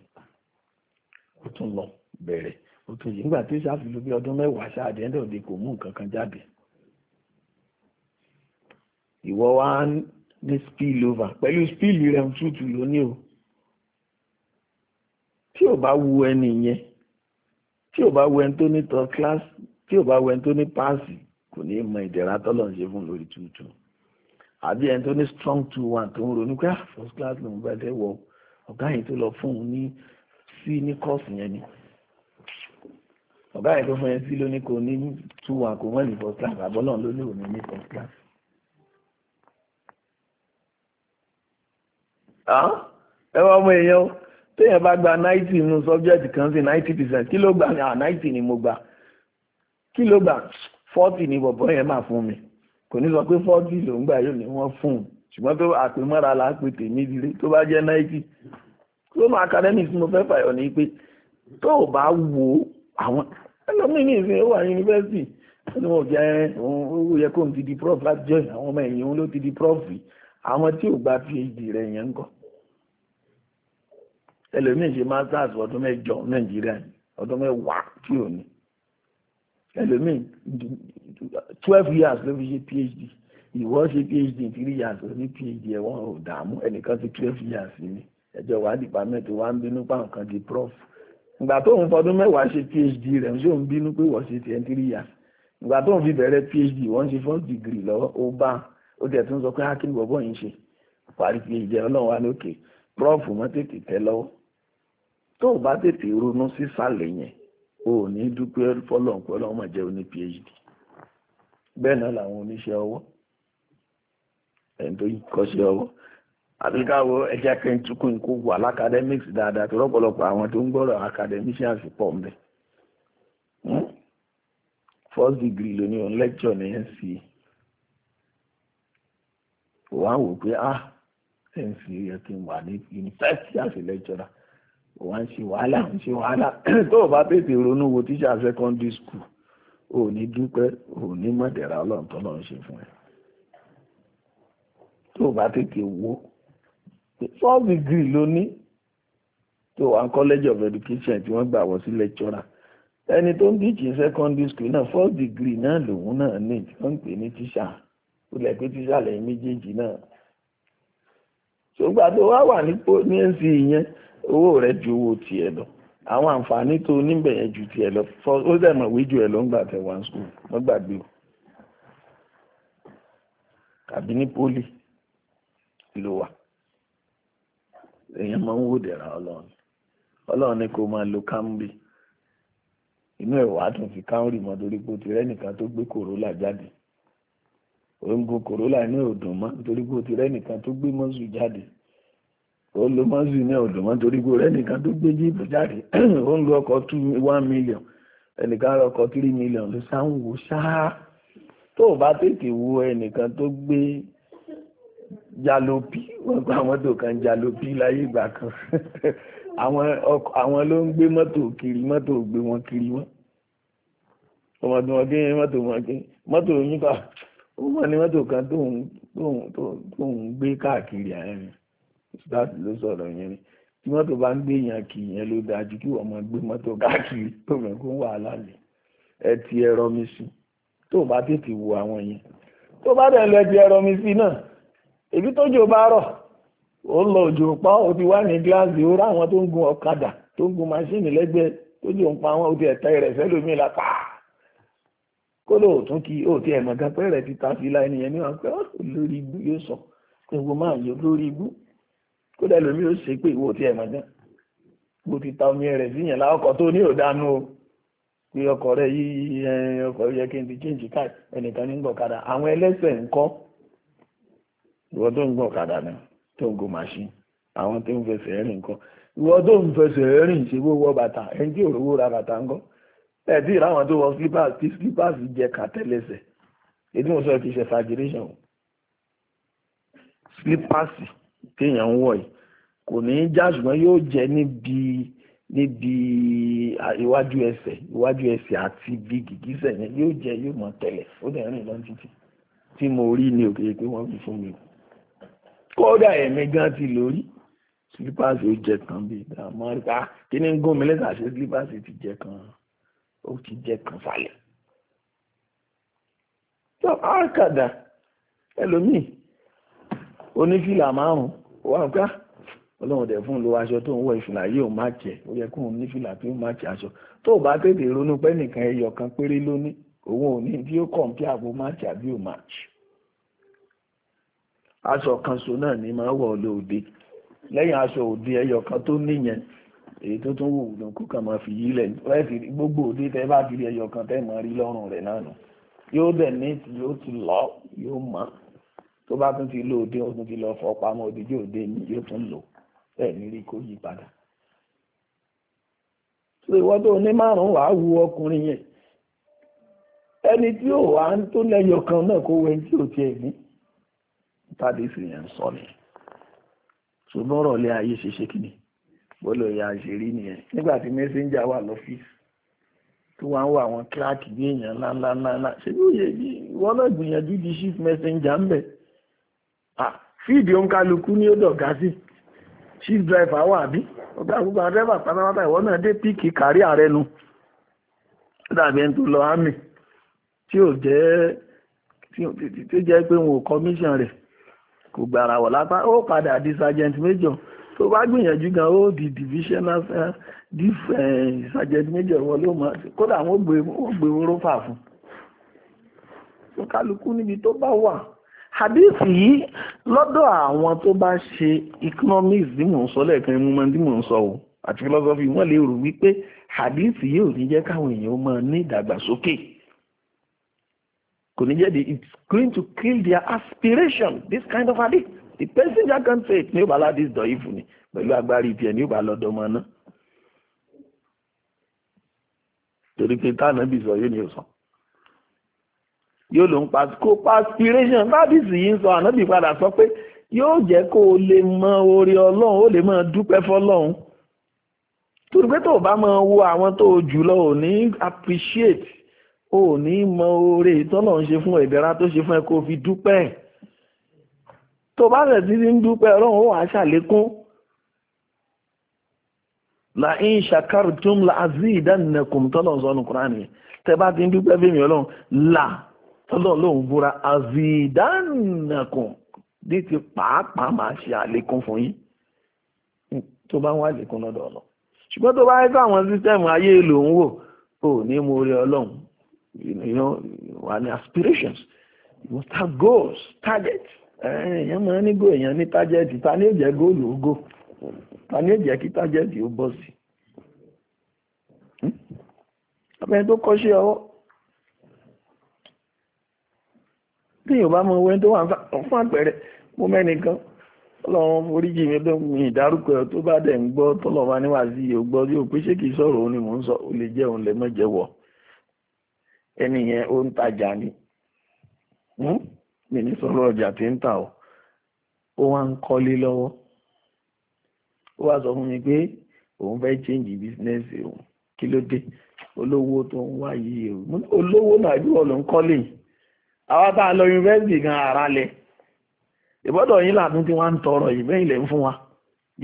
kó tún lọ bẹ̀rẹ̀ ó tún yìí ńgbà tó ṣàfihàn bí ọdún mẹ́wàá ṣáàdì ẹ̀ńdọ̀ òde kò mú nǹkan kan jáde ìwọ wá ní spill over pẹ̀lú spill rẹ̀ tútù lónìí o tí ò bá wu ẹni yẹn tí ò bá wẹ tó ní tọ kíláàsì tí ò bá wẹ tó ní páàsì kò ní mọ ìdẹ̀ra tọ́lọ̀ ń ṣe fún lórí tuntun àbí ẹni tó ní strong two one tó ń ronú pé ah, first class lòún bá dé wọ ọ̀gá yìí tó lọ fún un ní sí ní kọ́ọ̀sì yẹn ni ọ̀gá yìí tó fún yẹn sí ló kò ní two one kò mọ̀ ní first class àbọ́lọ̀ ló ní òní ní first class. ẹ wá ọmọ èèyàn téèyàn bá gba ninety nínú subject kan sí ninety percent kí ló gbà ní à ninety ni mo gbà kí ló gbà forty ni bọ̀bọ̀ yẹn máa fún mi kò ní sọ pé forty ló ń gbà yóò ní wọ́n fún un ṣùgbọ́n tó àpèmọ́ra la pè tèmi dílé tó bá jẹ́ ninety tó máa academics mo fẹ́ fàyọ̀ ní pé tó o bá wo àwọn ẹlòmíì ní ìsìn ó wà yunifásitì ni wọn jẹ ohun owó yẹ kó n ti di prof láti jẹ àwọn ọmọ ẹ̀yìn òun ló ti di prof àwọn tí ò gba phd rẹ̀ yẹn ń kọ́ ẹlòmíì ṣe masters ọdún mẹ́jọ nàìjíríà ọdún mẹ́wàá tí ò ní ẹlòmíì twelve years ló fi ṣe phd ìwọ ṣe phd three years ló ní phd ẹ̀wọ̀n ò dààmú ẹnìkan ti twelve years ni ẹjọ́ wàá department wa ń bínú páwọn kan di prof ìgbà tó ń fọdún mẹ́wàá ṣe phd rẹ̀ ṣé òun bínú pé wọ́n ṣe ten three years ìgbà tó ń fi bẹ̀rẹ̀ phd wọ́n ṣe first degree lọ́wọ́ ó bá ó tẹ̀ tún sọ pé hákìnnì ah, bọ̀bọ̀ yìí ṣe parí phd ọlọ́run wa lókè prof mọ́ tètè tẹ́ lọ́wọ́ tó o bá tètè ronú sísàlẹ̀ yẹn o ò ní dúpẹ́ fọlọ́n pẹ́ lọ́mọ jẹ́ oní phd bẹ́ẹ̀ náà làwọn oníṣẹ́ ọwọ́ ẹni tó kọ́ṣẹ́ ọwọ́ àbí káwọ ẹja kẹntukùn kó wà l'academics dáadáa tó rọ́pọ̀lọpọ̀ àwọn tó ń gbọ́rọ̀ academicians pọ̀ mbẹ́ hmm? first degree ló ní òun lecture ní NCA wàá wò pé ah NCA yẹ kí n wà ní university as a lecturer wà ń ṣe wàhálà ń ṣe wàhálà tó o bá tètè ronú wo tíṣà secondary school ò ní dúpẹ́ ò ní mọ̀dẹ̀ra ọlọ́run tó lọ́n ṣe fún ẹ tó o bá tètè wo Four degree ló ní tó wà ń college of education tí wọ́n gbà wọ́ sí lecturer ẹni tó ń díjì secondary school náà four degree náà lòun náà ní tí wọ́n ń pè ní tíṣà ó lẹ̀ pé tíṣà lẹ́yìn méjèèjì náà ṣùgbọ́n tó wá wà ní nc e yẹn owó rẹ ju owó tiẹ̀ lọ àwọn àǹfààní tó níbẹ̀ yẹn ju tiẹ̀ lọ ó dẹ̀ mọ̀ wí ju ẹ̀ lọ ńgbà tẹ̀ wá ń sùn gbàgbé o tàbí ní pólì ló wà èèyàn máa ń wò dẹ̀ra ọlọ́run ọlọ́run ní kó máa lo kámúrì inú ẹ̀ wàá tún fi kámúrì mọ́ torí pé ó ti rẹ́nìkan tó gbé kòrólà jáde ó ń gun kòrólà ní òdùn mọ́ torí pé ó ti rẹ́nìkan tó gbé mọ́sù jáde ó lo mọ́sí ní ọ̀dọ̀ mọ́ torí gbogbo ẹnìkan tó gbé jíìpù jáde ó ń lo ọkọ̀ two one million ẹnìkan lọ ọkọ̀ three million ló sáwọ́ ṣáá tó o bá tètè wo ẹnìkan tó gbé jalopi wọ́n gba mọ́tò kan jalopi láyé ìgbà kan àwọn ló ń gbé mọ́tò kiri mọ́tò gbé wọn kiri wọn ọmọdé wọn gbé mọ́tò wọn gbé mọ́tò yín pa ó mọ̀ ní mọ́tò kan tó ń gbé káàkiri àárín sítáàtì ló sọ̀rọ̀ yẹn ni tí mọ́tò bá ń gbé yàn kì yẹn ló dáa ju kí wọ́n máa gbé mọ́tò káàkiri tó mọ̀ kó wàhálà lè ẹ ti ẹ̀rọ mi sí tó bá tètè wo àwọn yẹn tó bá dẹ̀ lọ ti ẹ̀rọ mi sí náà èbí tójò bá rọ̀ ó lọ òjò pa ó ti wá ní gíláàsì ó ráwọn tó ń gun ọ̀kadà tó ń gun máṣíìnì lẹ́gbẹ̀ẹ́ tójò ń pa wọn ó ti ẹ̀ta rẹ̀ sẹ́lómi la pa kó ló ò tún kí ó ti ẹ̀mọ̀gá pẹ́rẹ́ ti ta fìlà ẹnìyẹn ní wọn pé ó lórí ibú yóò sọ pé máa yọ lórí ibú kódà lómi ó ṣe pé ìwò tí ẹ mọ̀ jẹ́ bó ti ta omi rẹ̀ sí yẹn láọkọ̀ tó ní òdánú o pé ọkọ̀ rẹ̀ yí ọkọ̀ yẹ kí n ti change card ẹnìkan ní gbọ̀kadà àwọn ẹlẹ́sẹ̀ ń ìwọ tó ń gbọ̀kadà náà tó ń go machine àwọn tó ń fẹsẹ̀ rìn ń kọ́ ìwọ tó ń fẹsẹ̀ rìn ṣe bó wọ bàtà ẹni tí òrówó ra bàtà ń kọ́ ẹ̀ tí ìráwọn tó wọ slippers tí slippers jẹ kàtẹ́lẹsẹ̀ èdè mo slippers téèyàn ń wọ̀ yìí kò ní í já ṣùgbọ́n yóò jẹ́ níbi níbi iwájú ẹsẹ̀ iwájú ẹsẹ̀ àti ibi gìgísẹ̀ yẹn yóò jẹ́ yóò mọ̀ tẹ̀lẹ̀ ó dẹ̀ rìn lọ títí tí mo rí ni òkèèrè pé wọ́n fi fún mi kódà ẹ̀mí gan ti lórí slippers ó jẹ kan bíi ìdààmú àríkà ah, kí ni ń gún mi lẹ́sà ṣe slippers ti jẹ kan ó ti jẹ kan falẹ̀. tó àkàdà ẹlòmíì onífìlà márùn-ún wà ká ọlọ́run dẹ̀ fún un lo aṣọ tó ń wọ ìfìlà yìí ò má jẹ ó yẹ kóun nífìlà tó má jẹ aṣọ tó bá tètè ronú pé nìkan ẹyọ kan péré lóní òun ò ní tí ó kàn pé àbò má jẹ àbí ò má jẹ aṣọ kan so náà ni máa wọ̀ lóde lẹ́yìn aṣọ òde ẹyọ kan tó níyẹn èyí tó tún wù ló kú kàn máa fi yí lẹ̀ gbogbo òde tẹ́ bá fi ẹyọ kan tẹ́ máa rí lọ́rùn rẹ̀ náà yóò dẹ̀ ní tó bá tún ti lóòdé ó tún ti lọ fọ pamọ́ òdíjọ́ òde ni yóò tún lò bẹ́ẹ̀ ní rí kó yí padà so ìwọ tó ní márùn-ún wàá wu ọkùnrin yẹn ẹni tí ò wá tó lẹ́yọ kan náà kó wẹ tí ò tiẹ̀ ní tàbí sì yẹn sọ ni ṣùgbọ́n rọ̀lẹ́ ayé ṣe ṣe kìíní bọ́lọ̀ ìyá àṣírí nìyẹn nígbà tí mẹ́sẹ́ńjà wà lọ́fíìsì tó wá wà àwọn kíláàkì bí èèyàn ńláńláńlá ṣe bí ó yẹ ìwọ náà gbìyànjú di chief messenger ń bẹ̀ fíìdì òǹkálukú ní ó dọ̀gá sí chief driver wà bí ọ̀gá àgbègbè àdẹ́fà pátápátá ìwọ náà dé píìkì kárí ààrẹ nu dàbí ẹni tó lọ àmì tí ò jẹ́ tí ó jẹ́ pé wọn ò commission rẹ̀ kò gbàrà wọ̀ lápá ó padà di sergeant major tó bá gbìyànjú gan ó di divisional eh, eh, sergeant major wọn ló mọ kódà wọn gbé wọn gbé oró fà fún kálukú níbi tó bá wà Hadithi, yìí lọ́dọ̀ àwọn tó bá ṣe economics bí mò ń sọ lẹ́ẹ̀kan inú mọ́ bí mò ń sọ o àti philosophy wọ́n lè rò wípé hadith yìí ò ní jẹ́ káwọn èèyàn máa ní ìdàgbàsókè kò ní jẹ́ the it's going to kill their aspiration this kind of hadith the person that can say it ní ó bá ládìs dọ̀ ìfún ni pẹ̀lú agbárí ibi ẹ̀ ní ó bá lọ́dọ̀ ọmọ náà torí pé táwọn náà bì sọ yóò ní ó sàn yóò ló ń pa kó perspiration bábìsì yìí ń sọ ànábì padà sọ pé yóò jẹ́ kó o lè mọ oore ọlọ́run ó lè máa dúpẹ́ fọlọ́run torí pé tó o bá máa wo àwọn tó o jù lọ ò ní appreciate ò ní mọ oore ìtọ́nà ń ṣe fún ìdẹ̀ra tó ṣe fún ẹ kó o fi dúpẹ́ tó o bá rẹ̀ sí ń dúpẹ́ ọlọ́run ó wàá ṣàlékún la in shakartum la azidannakum tọ́lọ̀ sọ́nù kúránì tẹ bá ti ń dúpẹ́ fẹ́mi ọlọ́run là tọ́lọ́ lóun búra azidanakum ní ti pàápàá máa ṣe àlékún fún yín tó bá wà àlékún lọ́dọ̀ ọ̀nà ṣùgbọ́n tó bá yẹ kó àwọn sísẹ́mù ayé lòun wò ò ní mú orí ọlọ́run you know wà ní aspirations you must have goals targets èèyàn máa ní goal èèyàn ní target ta ni ó jẹ́ góòlù ògo ta ni ó kí target ó bọ́ sí. Hmm? abẹ́ni tó kọ́ ṣe ọwọ́ téèyàn bá mọ owó ẹni tó wà fún àpẹẹrẹ mo mẹ́nìkan ọlọ́run foríjì mi pé mi ìdárúkọ ẹ tó bá dẹ̀ ń gbọ́ tọ́lọ́ba níwà sí iye ògbọ́ yóò pé ṣé kìí sọ̀rọ̀ òun ni mò ń sọ ó lè jẹ́ òun lè mọ̀jẹ̀ wọ̀ ẹni yẹn ó ń tajà ni mi ní sọ̀rọ̀ ọjà tí ń tà ọ́ ó wá ń kọ́lé lọ́wọ́ ó wá sọ fún mi pé òun fẹ́ change business òun kí ló dé olówó tó ń wá yìí olówó nàìjíríà ló ń kọ́lé yìí àwọn tá a lọ yunifásitì gan ara lẹ ìbọ́dọ̀ yín làtún tí wọ́n ń tọrọ yìí bẹ́ẹ̀ ilẹ̀ ń fún wa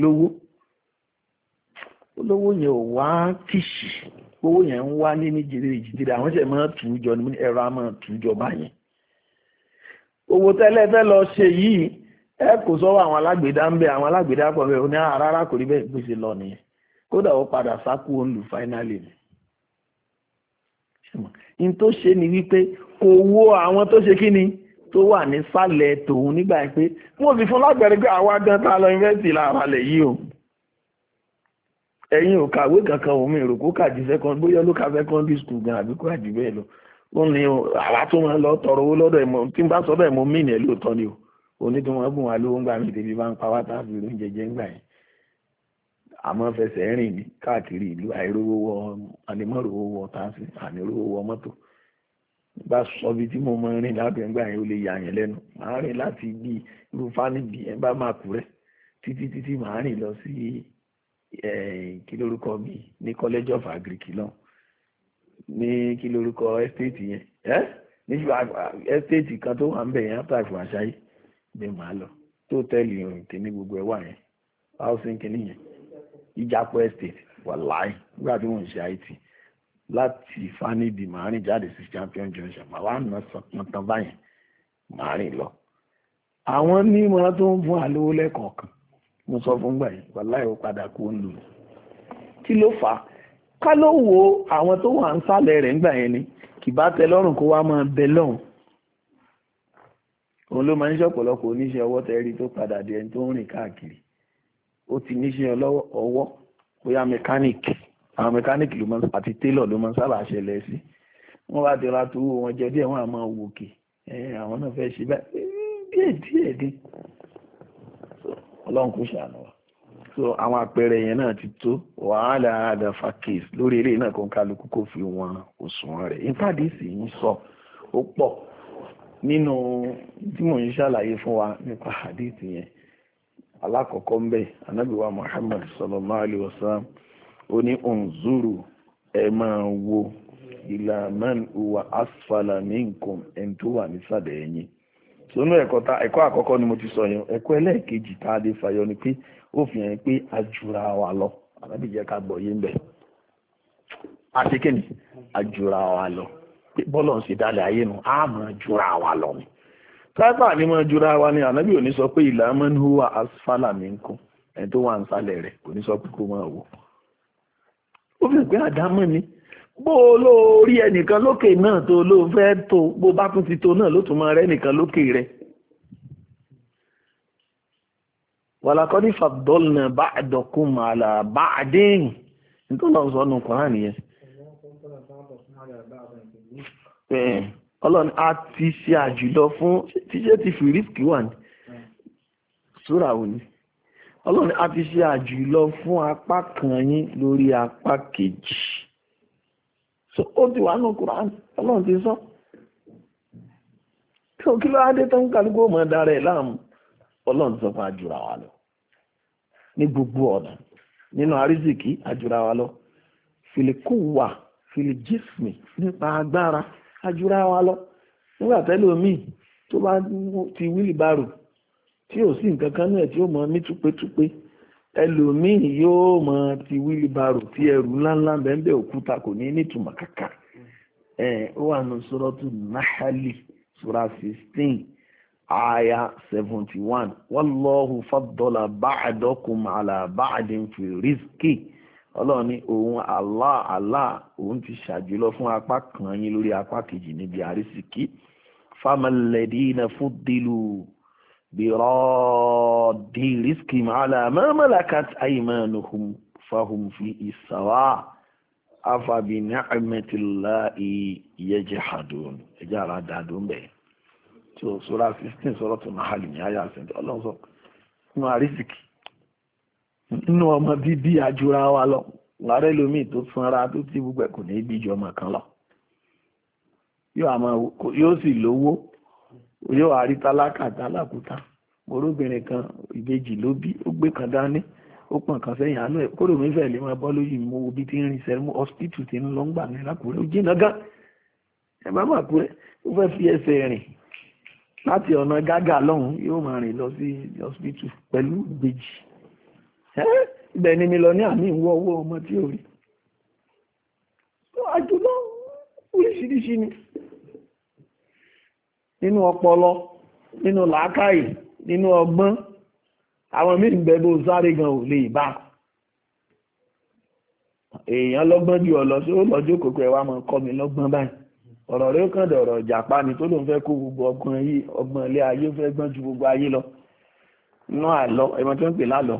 lówó olówó yẹn ò wá tìṣì owó yẹn ń wá ní nìjírí nìjírí àwọn ṣe máa tù ú jọ ní ẹ̀rọ a máa tù ú jọ báyẹn owó tẹ́lẹ̀ fẹ́ lọ ṣe yìí ẹ kò sọ́wọ́ àwọn alágbèédá ń bẹ àwọn alágbèédá pọ̀ bẹ́ẹ̀ ní rárá kò bẹ́ẹ̀ gbèsè lọ nìyẹn kódà ó padà sákú òǹlù fáínálì ni mọ̀ in tó ṣe ni wípé kò wo àwọn tó ṣe kí ni tó wà nísàlẹ̀ tòun nígbà pé wọ́n fi fún lágbẹ̀rẹ̀ pé àwa gan ta lọ invest lára lẹ̀ yìí o ẹ̀yin ò kàwé kankan òun mi rò kó kàjú secondary bóyá ló ka secondary school gan àbí kó àjú bẹ́ẹ̀ lọ ó ní àwa tó máa lọ tọrọ owó lọ́dọ̀ ẹ̀ tí n bá sọ bẹ́ẹ̀ mo mí lóòótọ́ ni o onídùn wọn wá lówó ń gbà mí débi bá ń pa wá tá a fi oúnjẹ jẹ ń yẹn àmọ́ fẹsẹ̀ rìn mí káàkiri ìlú àìrówó wọ ànímọ́rówó wọ táǹsì ànírówó wọ mọ́tò bá sọ bí tí mo mọ rìn lábẹ́ ńgbà yẹn ó lè yà yẹn lẹ́nu màá rìn láti bí irú fánìbì yẹn bá máa kú rẹ̀ títí títí màá rìn lọ sí kí lórúkọ mi ní college of agriculture ní kí lórúkọ estate yẹn ẹ́ ní estate kan tó wà ń bẹ̀ yẹn after ìfọ̀nṣáyé bẹ́ẹ̀ màá lọ tó tẹ́lì rìn tèmi gbogbo ẹ̀ wà yẹn housing kìíní yẹn ìjàpọ̀ estate wà láì nígbà tí wọ́n ń ṣe it láti fanidi màá jáde sí champion junction màá wà ná sọpọ̀ntàn báyìí màá rìn lọ. àwọn ní màá tó ń fún àlówó lẹ́kọ̀ọ̀kan mo sọ fún gbà yìí wà láì ó padà kó ń lò kí ló fà á ká ló wo àwọn tó wà ń sálẹ̀ rẹ̀ ńgbà yẹn ni kì bá tẹ lọ́rùn kó wá máa bẹ lọ́hùn òun ló máa ń ṣọ̀pọ̀lọpọ̀ oníṣẹ́ ọwọ́ tẹ́rí tó padà di ẹni tó ń rìn káàkiri ó ti níṣẹ́ lọ́wọ́ ọwọ́ bóyá mẹkáníìkì àwọn mẹkáníìkì ló máa àti télọ̀ ló máa sábà ṣẹlẹ̀ sí wọ́n bá ti ra tó owó wọn jẹ díẹ̀ wọ́n á máa wò kè àwọn náà fẹ́ ṣe báyìí díẹ̀ díẹ̀ dín ọlọ́run kò ṣàánú wa so àwọn àpẹẹrẹ yẹn náà ti tó wàhálà àdàfà case lórí eré náà kò ń kálukú kò fi wọn òṣùwọ̀n rẹ̀ ìfàdísì ń sọ ó pọ̀ nínú tí mò ń ṣàlàyé fún wa nípa àdìsí yẹn alákọ̀ọ́kọ́ ń bẹ anábìwá Muhammad sallallahu alayhi wa sallam ó ní unzuru ẹ máa wo ìlà man huwa asfala minkum ẹni tó wà nísàlẹ̀ ẹ̀yìn sónú ẹ̀kọ́ ta ẹ̀kọ́ àkọ́kọ́ ni mo ti sọ yẹn ẹ̀kọ́ ẹlẹ́ẹ̀kejì tá a lè fàyọ ni pé ó fi hàn pé a jura wa lọ àbábí jẹ́ ká gbọ́ yé bẹ̀ àti kí ni a jura wa lọ bọ́lọ̀ ń ṣe dálẹ̀ ayé nu a máa jura wa lọ ni táìpà ni mo jura wa ni ànábì ò ní sọ pé ìlà man huwa asfala minkum ẹni tó wà ń sálẹ̀ rẹ̀ kò ní sọ pé kó máa wò ó fi pé àdámọ́ ni bó o ló rí ẹnìkan lókè náà tó ló fẹ́ tó bó bá tún ti tó náà ló tún máa rẹ́ nìkan lókè rẹ̀ wàlàkọ́dí fàdọ́lùnà bá àdọ̀kùn màlà bá àdéhùn nítorí ọ̀sán nù kọ́ra nìyẹn ọlọ́run a ti ṣe àjùlọ fún tíṣẹ́ ti fi rísìkì wà ní ṣúra òní ọlọ́run a ti ṣe àjùlọ fún apá kan yín lórí apá kejì so ó ti wà nù Kùránì ọlọ́run ti sọ tí ó kí ló adé tó ń kálukú ọmọ dára ẹ̀ láàmú ọlọ́run ti sọ fún àjùra wa lọ ní gbogbo ọ̀nà nínú àrísìkí àjùra wa lọ fìlìkù wà fìlìjísmì nípa agbára ajúra wa lọ nígbà tẹ́lòmíì tó bá ti wílì bárò tí ò sí nǹkan kan náà tí ó mọ ní túpétúpé ẹlòmíì yóò mọ ti wílì bárò tí ẹrù ńláńlá bẹ́ẹ̀ òkúta kò ní nítumọ̀ kàkà ẹ̀ ó wà ní sọ́rọ́tù náhálì sura sixteen aya seventy one wallahu faddala ba'dakum ala ba'din fi rizqi ọlọ́run ní òun Allah Allah òun ti ṣàjùlọ fún apá kan yín lórí apá kejì níbi àrísìkí famalẹ̀dínà fún dìlù bìrọ̀dì rìsíkì màálà mẹ́mẹ́lákàtí àyìmánuhum fahum fi ìsàwà afabi ni'matillahi yajhadun ẹjẹ́ ara dàdún bẹ́ẹ̀ tí o sọ́ra sixteen sọ́rọ́ tó náà hàlùmí ayé àṣẹ ọlọ́run sọ nínú àrísìkí nínú ọmọ bíbí àjùra wa lọ láàrẹ lómi tó sanra tó ti gbogbo ẹ kò ní bí ju ọmọ kan lọ yóò sì lówó yóò àrí tálákà tálákùtà orúbìnrin kan ìbejì ló bí ó gbé kan dání ó pọ̀n kan sẹ́yìn àánú ẹ̀ kóró mi fẹ́ẹ̀ lè máa bọ́ lóyún mo wo bí ń rin sẹ́mu hospital ti ń lọ ń gbà ní lákùrẹ́ ó jìnnà gan ẹ bá mà kúrẹ́ ó fẹ́ fi ẹsẹ̀ rìn láti ọ̀nà gágà lọ́hùn yóò máa rìn lọ sí hospital pẹ̀lú ìbejì ibẹ̀ ni mi lọ ní àmì ìwọ owó ọmọ tí ò rí àjùlọ oríṣiríṣi ni nínú ọpọlọ nínú làákàyè nínú ọgbọ́n àwọn míì ń bẹ bó sáré gan ò lè bá èèyàn lọ́gbọ́n ju ọ̀lọ́ sí ó lọ́jọ́ kòkó ẹ̀ wá mọ̀ kọ́ mi lọ́gbọ́n báyìí ọ̀rọ̀ rẹ̀ ó kàn dọ̀rọ̀ jàpá ni tó lóun fẹ́ kó gbogbo ọgbọ́n yìí ọgbọ́n ilé ayé fẹ́ gbọ́n ju gbogbo ayé lọ náà àlọ́ ẹ̀mọ́ tó ń pè lálọ́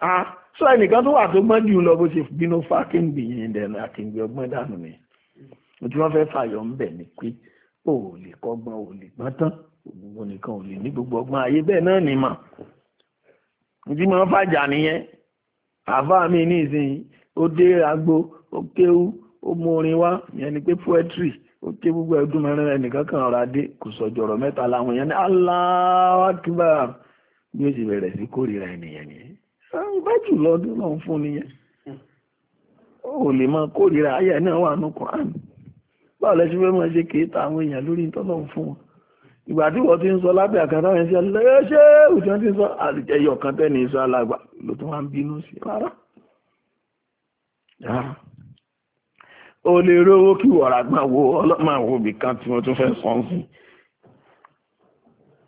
ah so ẹnìkan tó wà tó gbọ́n jù lọ bó ṣe bínú fa kíngbe yẹn dẹ̀nu àkíngbe ọgbọ́n dànù ni mo ti wọ́n fẹ́ fàyọ̀ ń bẹ̀ ni pé o ò lè kọ́gbọ́n o ò lè gbọ́n tán gbogbo nìkan ò lè ní gbogbo ọgbọ́n ayé bẹ́ẹ̀ náà ni mà mo ti máa ń fàjà nìyẹn àbá mi ní ìsìn ó dé agbo o kéwú o mú orin wá ìyẹn ni pé poetry ó ké gbogbo ẹdún mẹ́rin ẹnìkan kan ọ̀rọ̀ adé kò sọ̀jọ̀rọ̀ mẹ́ta làwọn yẹn ní Allahu Akbar bí ó sì bẹ̀rẹ̀ sí kórìíra ènìyàn nìyẹn bá jù lọ́dún náà fún nìyẹn ò lè máa kórìíra ayé náà wà nù Quran báwo lẹ ṣe fẹ́ máa ṣe kéèta àwọn èèyàn lórí tọ́lọ̀ fún wọn ìgbà tí wọ́n ti ń sọ lábẹ́ àkàtà yẹn sí alẹ́ ṣé òtí wọ́n ti ń sọ àjẹyọ kan tẹ́ni sọ alàgbà ló tún wá ń bínú sí rárá o lè rówó kí wọ̀rà gbà wo ọlọ́mọ àwọn òbí kan tí wọ́n tún fẹ́ sọ́n sí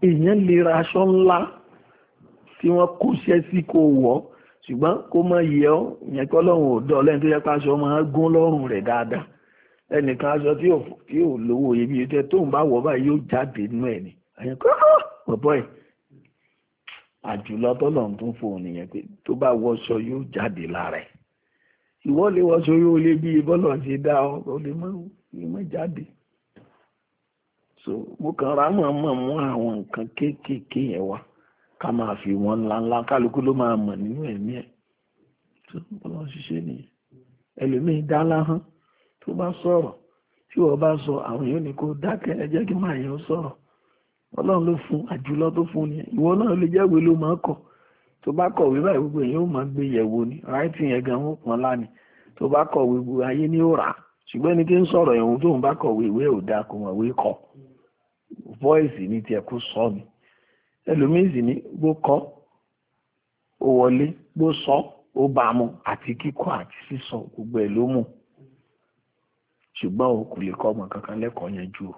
èèyàn lè ra aṣọ ńlá tí wọ́n kóṣẹ́ sí kó wọ̀ ọ́ ṣùgbọ́n kó mọ yẹ ọ́ ìyẹn kọ́ lọ́rùn ò dọ̀ lẹ́yìn tó yẹ pé aṣọ máa gún lọ́rùn rẹ̀ dáadáa ẹnìkan aṣọ tí ò tí ò lówó iyebíye tẹ tóun bá wọ̀ báyìí yóò jáde nínú ẹ̀ ni ẹ̀yìn kọ́ pọ̀pọ̀ ah, ẹ̀ àjùlọ tọ́lọ́run tún fòun nìyẹn pé tó bá wọṣọ yóò jáde lára ẹ̀ ìwọ lè wọṣọ yóò lé bí bọ́lọ̀ ṣe dá ọ ó lè má jáde so mo kàn rà mọ̀ mọ̀ mú àwọn nǹkan kéékèèké yẹn wá ká máa fi wọn ńláńlá kálukú ló máa mọ̀ nínú ẹ̀mí ẹ̀
tó ń bọ́ lọ́n ṣiṣẹ́
nìyẹn ẹlòmíín dá láhán tó bá sọ̀rọ̀ tí wọ́n bá sọ àwọn èèyàn ní kó dákẹ́ ẹ kí máa yẹn sọ̀rọ̀ ọlọ́run ló fún àjùlọ tó fún ni ìwọ náà lè jẹ́wèé ló máa kọ̀ tó bá kọ̀wé báyìí gbogbo èèyàn ó máa gbé yẹ̀wò ni ráìtì yẹn gan ó pọn láni tó bá kọ̀wé gbogbo ayé ní ó rà ṣùgbọ́n ẹni tí ń sọ̀rọ̀ ẹ̀hún tóun bá kọ̀wé ìwé ò dáa kò mọ̀ wé kọ̀ voice ní tiẹ̀ kó sọ ni ẹlòmíìsì ní gbó kọ́ ó wọlé gbó sọ ó bá àti kíkọ́ àti sísọ gbogbo ẹ̀ ló mú ṣùgbọ́n o kò lè kọ́ ọmọ kankan lẹ́kọ̀ọ́ yẹn jù o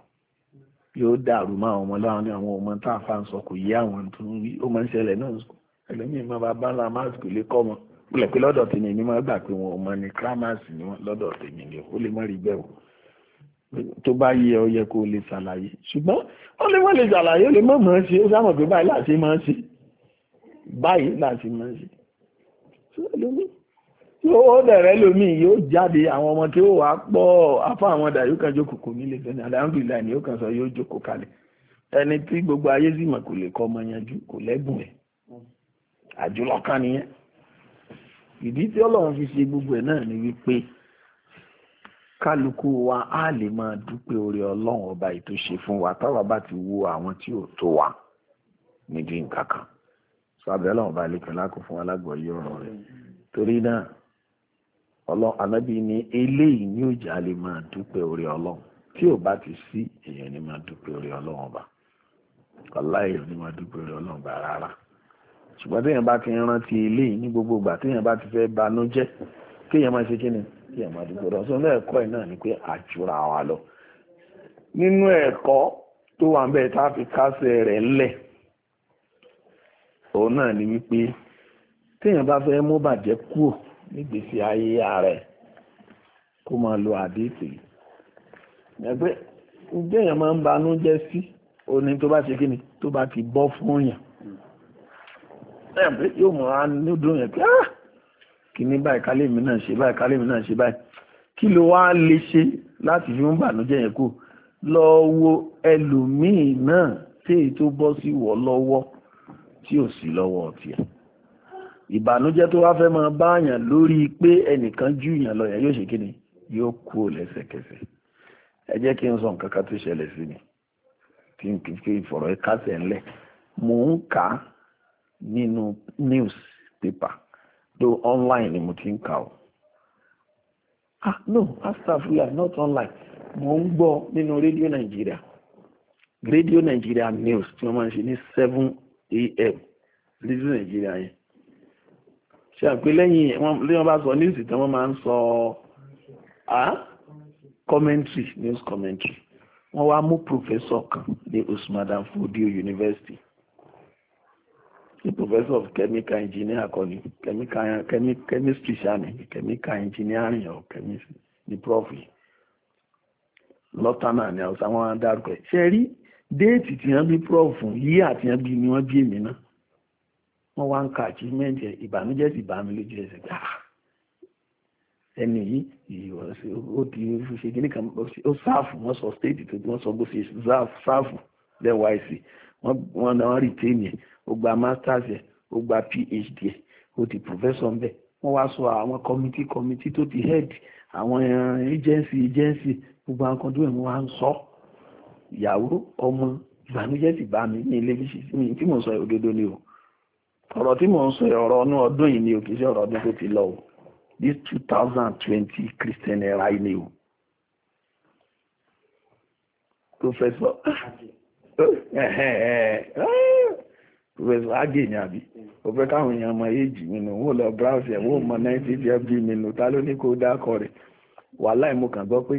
yóò dàrú mọ́ àwọn ọmọ láwọn ní àwọn ọmọ tá a fa ń sọ kò yé àwọn tó ń rí ó máa ń ṣẹlẹ̀ náà sọ ẹlòmíì máa bá bala máàsì lè kọ́ ọmọ pẹ̀lẹ́ lọ́dọ̀ tèmi ni máa gbà pé wọn ọmọ ní kírámàsì ni wọn lọ́dọ̀ tèmi ni ó lè má rí bẹ́ẹ̀ o tó bá yẹ ọ yẹ kó lè ṣàlàyé ṣùgbọ́n ó lè wọ́n lè ṣàlàyé ó lè mọ̀ mọ́ sí ó sámọ̀ pé báyìí láti mọ́ sí báyìí láti mọ́ sí ó dẹ̀rẹ́ lómi yóò jáde àwọn ọmọ tí ó wà pọ̀ afọ àwọn ọ̀dà yóò kan jókòó kò ní lè fẹ́ ní alhamdulillah ni yóò kan sọ yóò jókòó kalẹ̀ ẹni tí gbogbo ayé sì mọ̀ kò lè kọ́ ọmọ yanjú kò lẹ́bùn ẹ̀ àjùlọ kan nìyẹn ìdí tí ọlọ́run fi ṣe gbogbo ẹ̀ náà ni wípé kálukú wa á lè máa dúpẹ́ oore ọlọ́run ọba yìí tó ṣe fún wa táwa bá ti wo àwọn tí ò tó wa níbi nǹkan kan sọ abẹ́ ọlọ́run ọba lẹ́kàn lákò fún wa lágbọ̀ọ́yé ọ̀rọ̀ rẹ̀ torí náà ọlọ́run anábì ní eléyìí ní òjà lè máa dúpẹ́ oore ọlọ́run tí ò bá ti sí èèyàn ní máa dúpẹ́ oore ọlọ́run ọba ọláyè ní máa dúpẹ́ oore ọlọ́run ọba rárá ṣùgbọ́n téèyàn bá ti rántí eléyìí ní gbogbo ìgbà kí ẹ̀ máa dúpẹ́ ọlọ́run sọ́nà ẹ̀kọ́ ẹ̀ náà ni pé àjùra wa lọ nínú ẹ̀kọ́ tó wà ń bẹ tá fi kásẹ̀ rẹ̀ lẹ̀ òun náà ni wípé téèyàn bá fẹ́ mú bàjẹ́ kúrò nígbèsí ayé rẹ̀ kó máa lo àdéhìtì ẹgbẹ́ máa ń banú jẹ́ sí oní tó bá ṣe kí ni tó bá kíní báyìí kálẹ̀ mi náà ṣe báyìí kálẹ̀ mi náà ṣe báyìí kí ló wá lè ṣe láti fi mú bànújẹ́ yẹn kù lọ wo ẹlòmíì náà téè tó bọ́ sí wọ́ lọ́wọ́ tí ò sí lọ́wọ́ tiẹ̀ ìbànújẹ́ tó wá fẹ́ máa báyàn lórí pé ẹnìkan jù yàn lọ yẹn yóò ṣe kíni yóò kú lẹ́sẹ̀kẹsẹ̀ ẹ jẹ́ kí n sọ nǹkan kan tó ṣẹlẹ̀ sí mi tí n kì í fi ìfọ̀rọ̀ kásẹ̀ ńlẹ̀ mò ń kà á nínú news paper tó online ni mo ti ń kà ọ́ ah no astagfirullah not online mo ń gbọ́ nínú Radio Nigeria rédíò nàìjíríà news tí wọ́n máa ń ṣe ní seven a.m. Radio Nigeria. yẹn ṣe àpé lẹ́yìn lẹ́yìn bá sọ news tí wọ́n máa ń sọ ah commentary news commentary wọ́n wá mú professor kan ní Usman Fodio University Ni professor of chemical engineer ni chemical chemistry ṣáni chemical engineering or chemistry ni prof lọ́tànà ni àwọn sáwọn dárúkọ ẹ̀ ṣe rí déètì tí wọ́n bí prof yí àti wọ́n bí ni wọ́n bí èmi náà wọ́n wá ń ka achievement ẹ̀ ìbànújẹ́ sì bá mi lójú ẹsẹ̀ gbà ah! ẹni yìí ó ti ṣe kíní kan ó sáàfù wọ́n sọ state tó wọ́n sọ bó sáàfù lẹ́wọ̀ àìsí wọ́n náà retain yẹn ó gba masters ẹ̀ ó gba phd ẹ̀ ó ti professor ńbẹ̀ wọ́n wá sọ àwọn committee committee tó ti head àwọn eh, agency agency gbogbo àwọn kan tó wẹ̀ wọ́n wá ń sọ ìyàwó ọmọ ìbànújẹ́ sì bá mi ní ilé mi tí mò ń sọ òdodo ni o ọ̀rọ̀ tí mò ń sọ ọ̀rọ̀ ọdún ọdún yìí ni o kì í ṣe ọ̀rọ̀ ọdún tó ti lọ o this two thousand twenty christian era yìí ni o professor. professor agé ni àbí ó fẹ́ káwọn èèyàn mọ éèjì mi nù wọ́n lọ browse ẹ̀ wọ́n mọ ninety fb mi nù ta ló ní kó dákọ̀ rẹ̀ wàláì mo kàn gbọ́ pé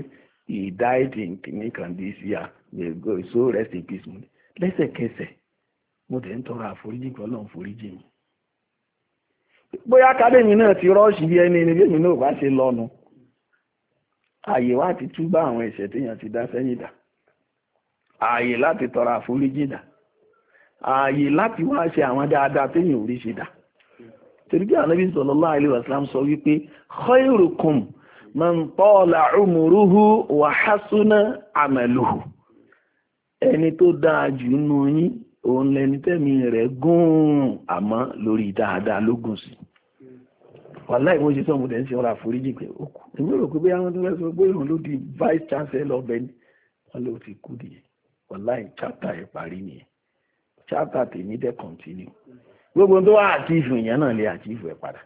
he died in kìnnìkan this year may so rest in peace lẹ́sẹ̀kẹsẹ̀ mo tẹ̀ ń tọrọ àforíjì kí ọlọ́run foríjì mi bóyá akademi náà ti rọ́ọ̀ṣì bí ẹni ní bíèmí náà bá ṣe lọ́nu ààyè wá ti túbá àwọn ẹ̀ṣẹ̀ téèyàn ti dá sẹ́yìn dà ààyè láti tọrọ àforíjì dà ààyè láti wá ṣe àwọn dáadáa téèyàn ò rí ṣe dà torí bí ànábì sallallahu alaihi wasallam sọ wípé khairukum man tala umuruhu wa hasuna amaluhu ẹni tó dáa jù nù yín òun lẹni tẹ́mi rẹ̀ gùn àmọ́ lórí dáadáa ló gùn sí wàláì mo ṣe sọmọdé ń ṣe ọ̀rọ̀ àforíjì pé ó kù èmi rò pé bí àwọn tó fẹ́ sọ pé òun ló di vice chancellor ọbẹ̀ ni wọ́n ló ti kú nìyẹn wàláì chapter ẹ̀ parí nìyẹn chapter tèmi dẹ̀ continue gbogbo tó wà àtìfù yẹn náà lè àtìfù ẹ̀ padà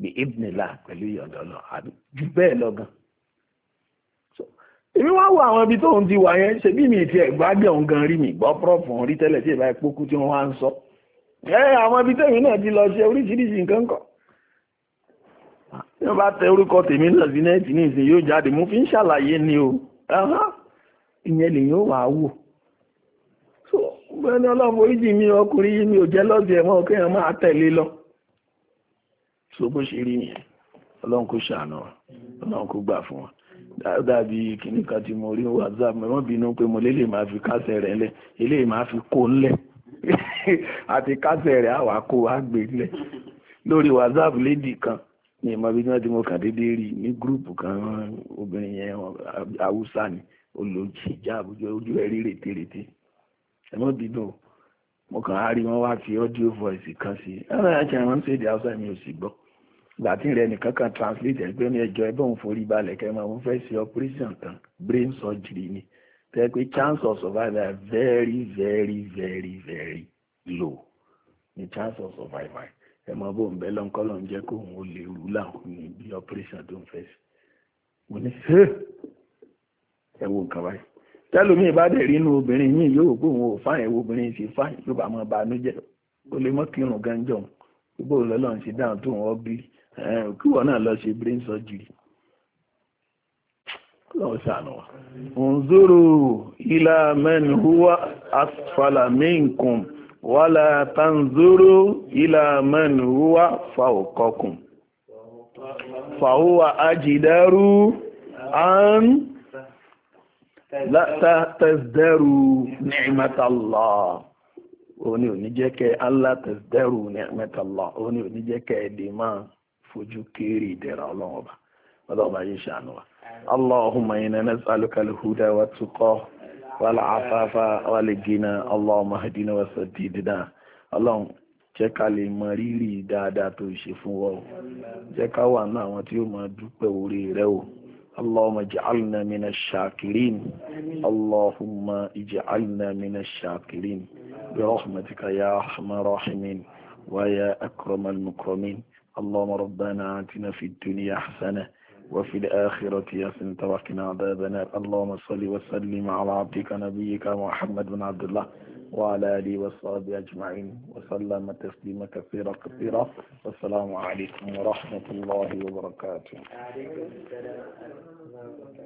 bí ibnila pẹ̀lú ìyọ̀dọ̀ lọ àbí jù bẹ́ẹ̀ lọ gan èmi wá wo àwọn ibi tóun ti wà yẹn ṣe bí mi ti ẹ̀gbádùn ọ̀hún gan rí mi gbọ́ prọ́fù ọ̀hún rí tẹ́lẹ̀ tí ìbá ìpókú tí wọ́n wá ń sọ ẹ àwọn ibi tẹ̀mí náà ti lọ ṣe oríṣiríṣi nǹkan kọ̀ tí bá tẹ orúkọ tèmi náà sí nẹ́ẹ̀tì ní ìsìn yóò jáde mo fi ń ṣàlàyé ni o ìyẹn lèyìn ó wàá wò gbọ́n ní ọlọ́run oríjì mi ọkùnrin yìí mi ò jẹ́ lọ́dì ẹ̀mọ́ kéèyàn máa tẹ̀lé lọ so bó ṣe rí nìyẹn ọlọ́run kò ṣàánú ọlọ́run kò gbà fún wọn dàbí kìnnì kan tí mo rí whatsapp mi wọ́n bínú pé mo lélẹ̀ máa fi kásẹ̀ rẹ̀ lẹ̀ eléyìí máa fi kó ńlẹ̀ àti kásẹ̀ rẹ̀ àwa kó wa gbé ńlẹ̀ lórí whatsapp lédì kan ní ìmọ̀ bí wọ́n ti mo kàn déédéé rí ní gúrùpù kan obìnrin yẹn haúsá ni olùjìjà ojú ẹ̀rí rètérètè ẹ̀mọ́ bínú mo kàn á rí wọn wá fi audio voice kan sí ẹ̀rọ ẹ̀jẹ̀ wọn ń ṣèdè haúsá mi ò sì gbọ́ ìgbà tí rẹ nìkan kan translate ẹgbẹ́ ní ẹjọ́ ẹbẹ́ òun forí balẹ̀ kẹ́ máa ń fẹ́ ṣe operation kan brain surgery ni tẹ́ pé chance of survival very very very very low ni chance of survival ẹ mọ bó ń bẹ lọ́nkọ́lọ́ ń jẹ́ kó òun ó lè rú láwọn ní bí operation tó ń fẹ́ sí. mo ní ẹ wo nǹkan báyìí tẹ́lómi bá dẹ̀ rí inú obìnrin yìí yóò gbóhùn ò fáìn ewu obìnrin sì fáìn yóò bá máa bànújẹ́ ó lè mọ́ kírun gánjọ́ gbogbo òlọ́lọ́ ń ṣe dáhùn tó wọ́n bí kí wọ́n náà lọ ṣe brain surgery lọ́wọ́ sànù wa. ǹzúrù ilá mẹ́ni húwá asfala minkum wàlá tanzúrù ilá mẹ́ni húwá fàwọ̀kọkùn fàwọ̀ àjìdárú an látàtẹ̀sẹ̀rù nìmẹ́tàlá òní òní jẹ́kẹ́ alátẹ̀sẹ̀rù nìmẹ́tàlá òní òní jẹ́kẹ́ lè máa fojú kéré ìdẹ̀ra ọlọ́run ọba ọlọ́run ọba yìí ṣàánú wa. allahumma inna nas'aluka al-huda wa tuqa wal afafa wal ghina allahumma hadina wa sadidina ọlọ́run jẹ́ ká lè mọ rírì dáadáa tó ṣe fún wa o jẹ́ ká wà ní àwọn tí ó máa dúpẹ́ orí o اللهم اجعلنا من الشاكرين اللهم اجعلنا من الشاكرين برحمتك يا أرحم الراحمين ويا أكرم المكرمين اللهم ربنا آتنا في الدنيا حسنة وفي الآخرة حسنة وقنا عذاب النار اللهم صل وسلم على عبدك نبيك محمد بن عبد الله وعلى آله وصحبه أجمعين وسلم تسليما كثيرا كثيرا والسلام عليكم ورحمة الله وبركاته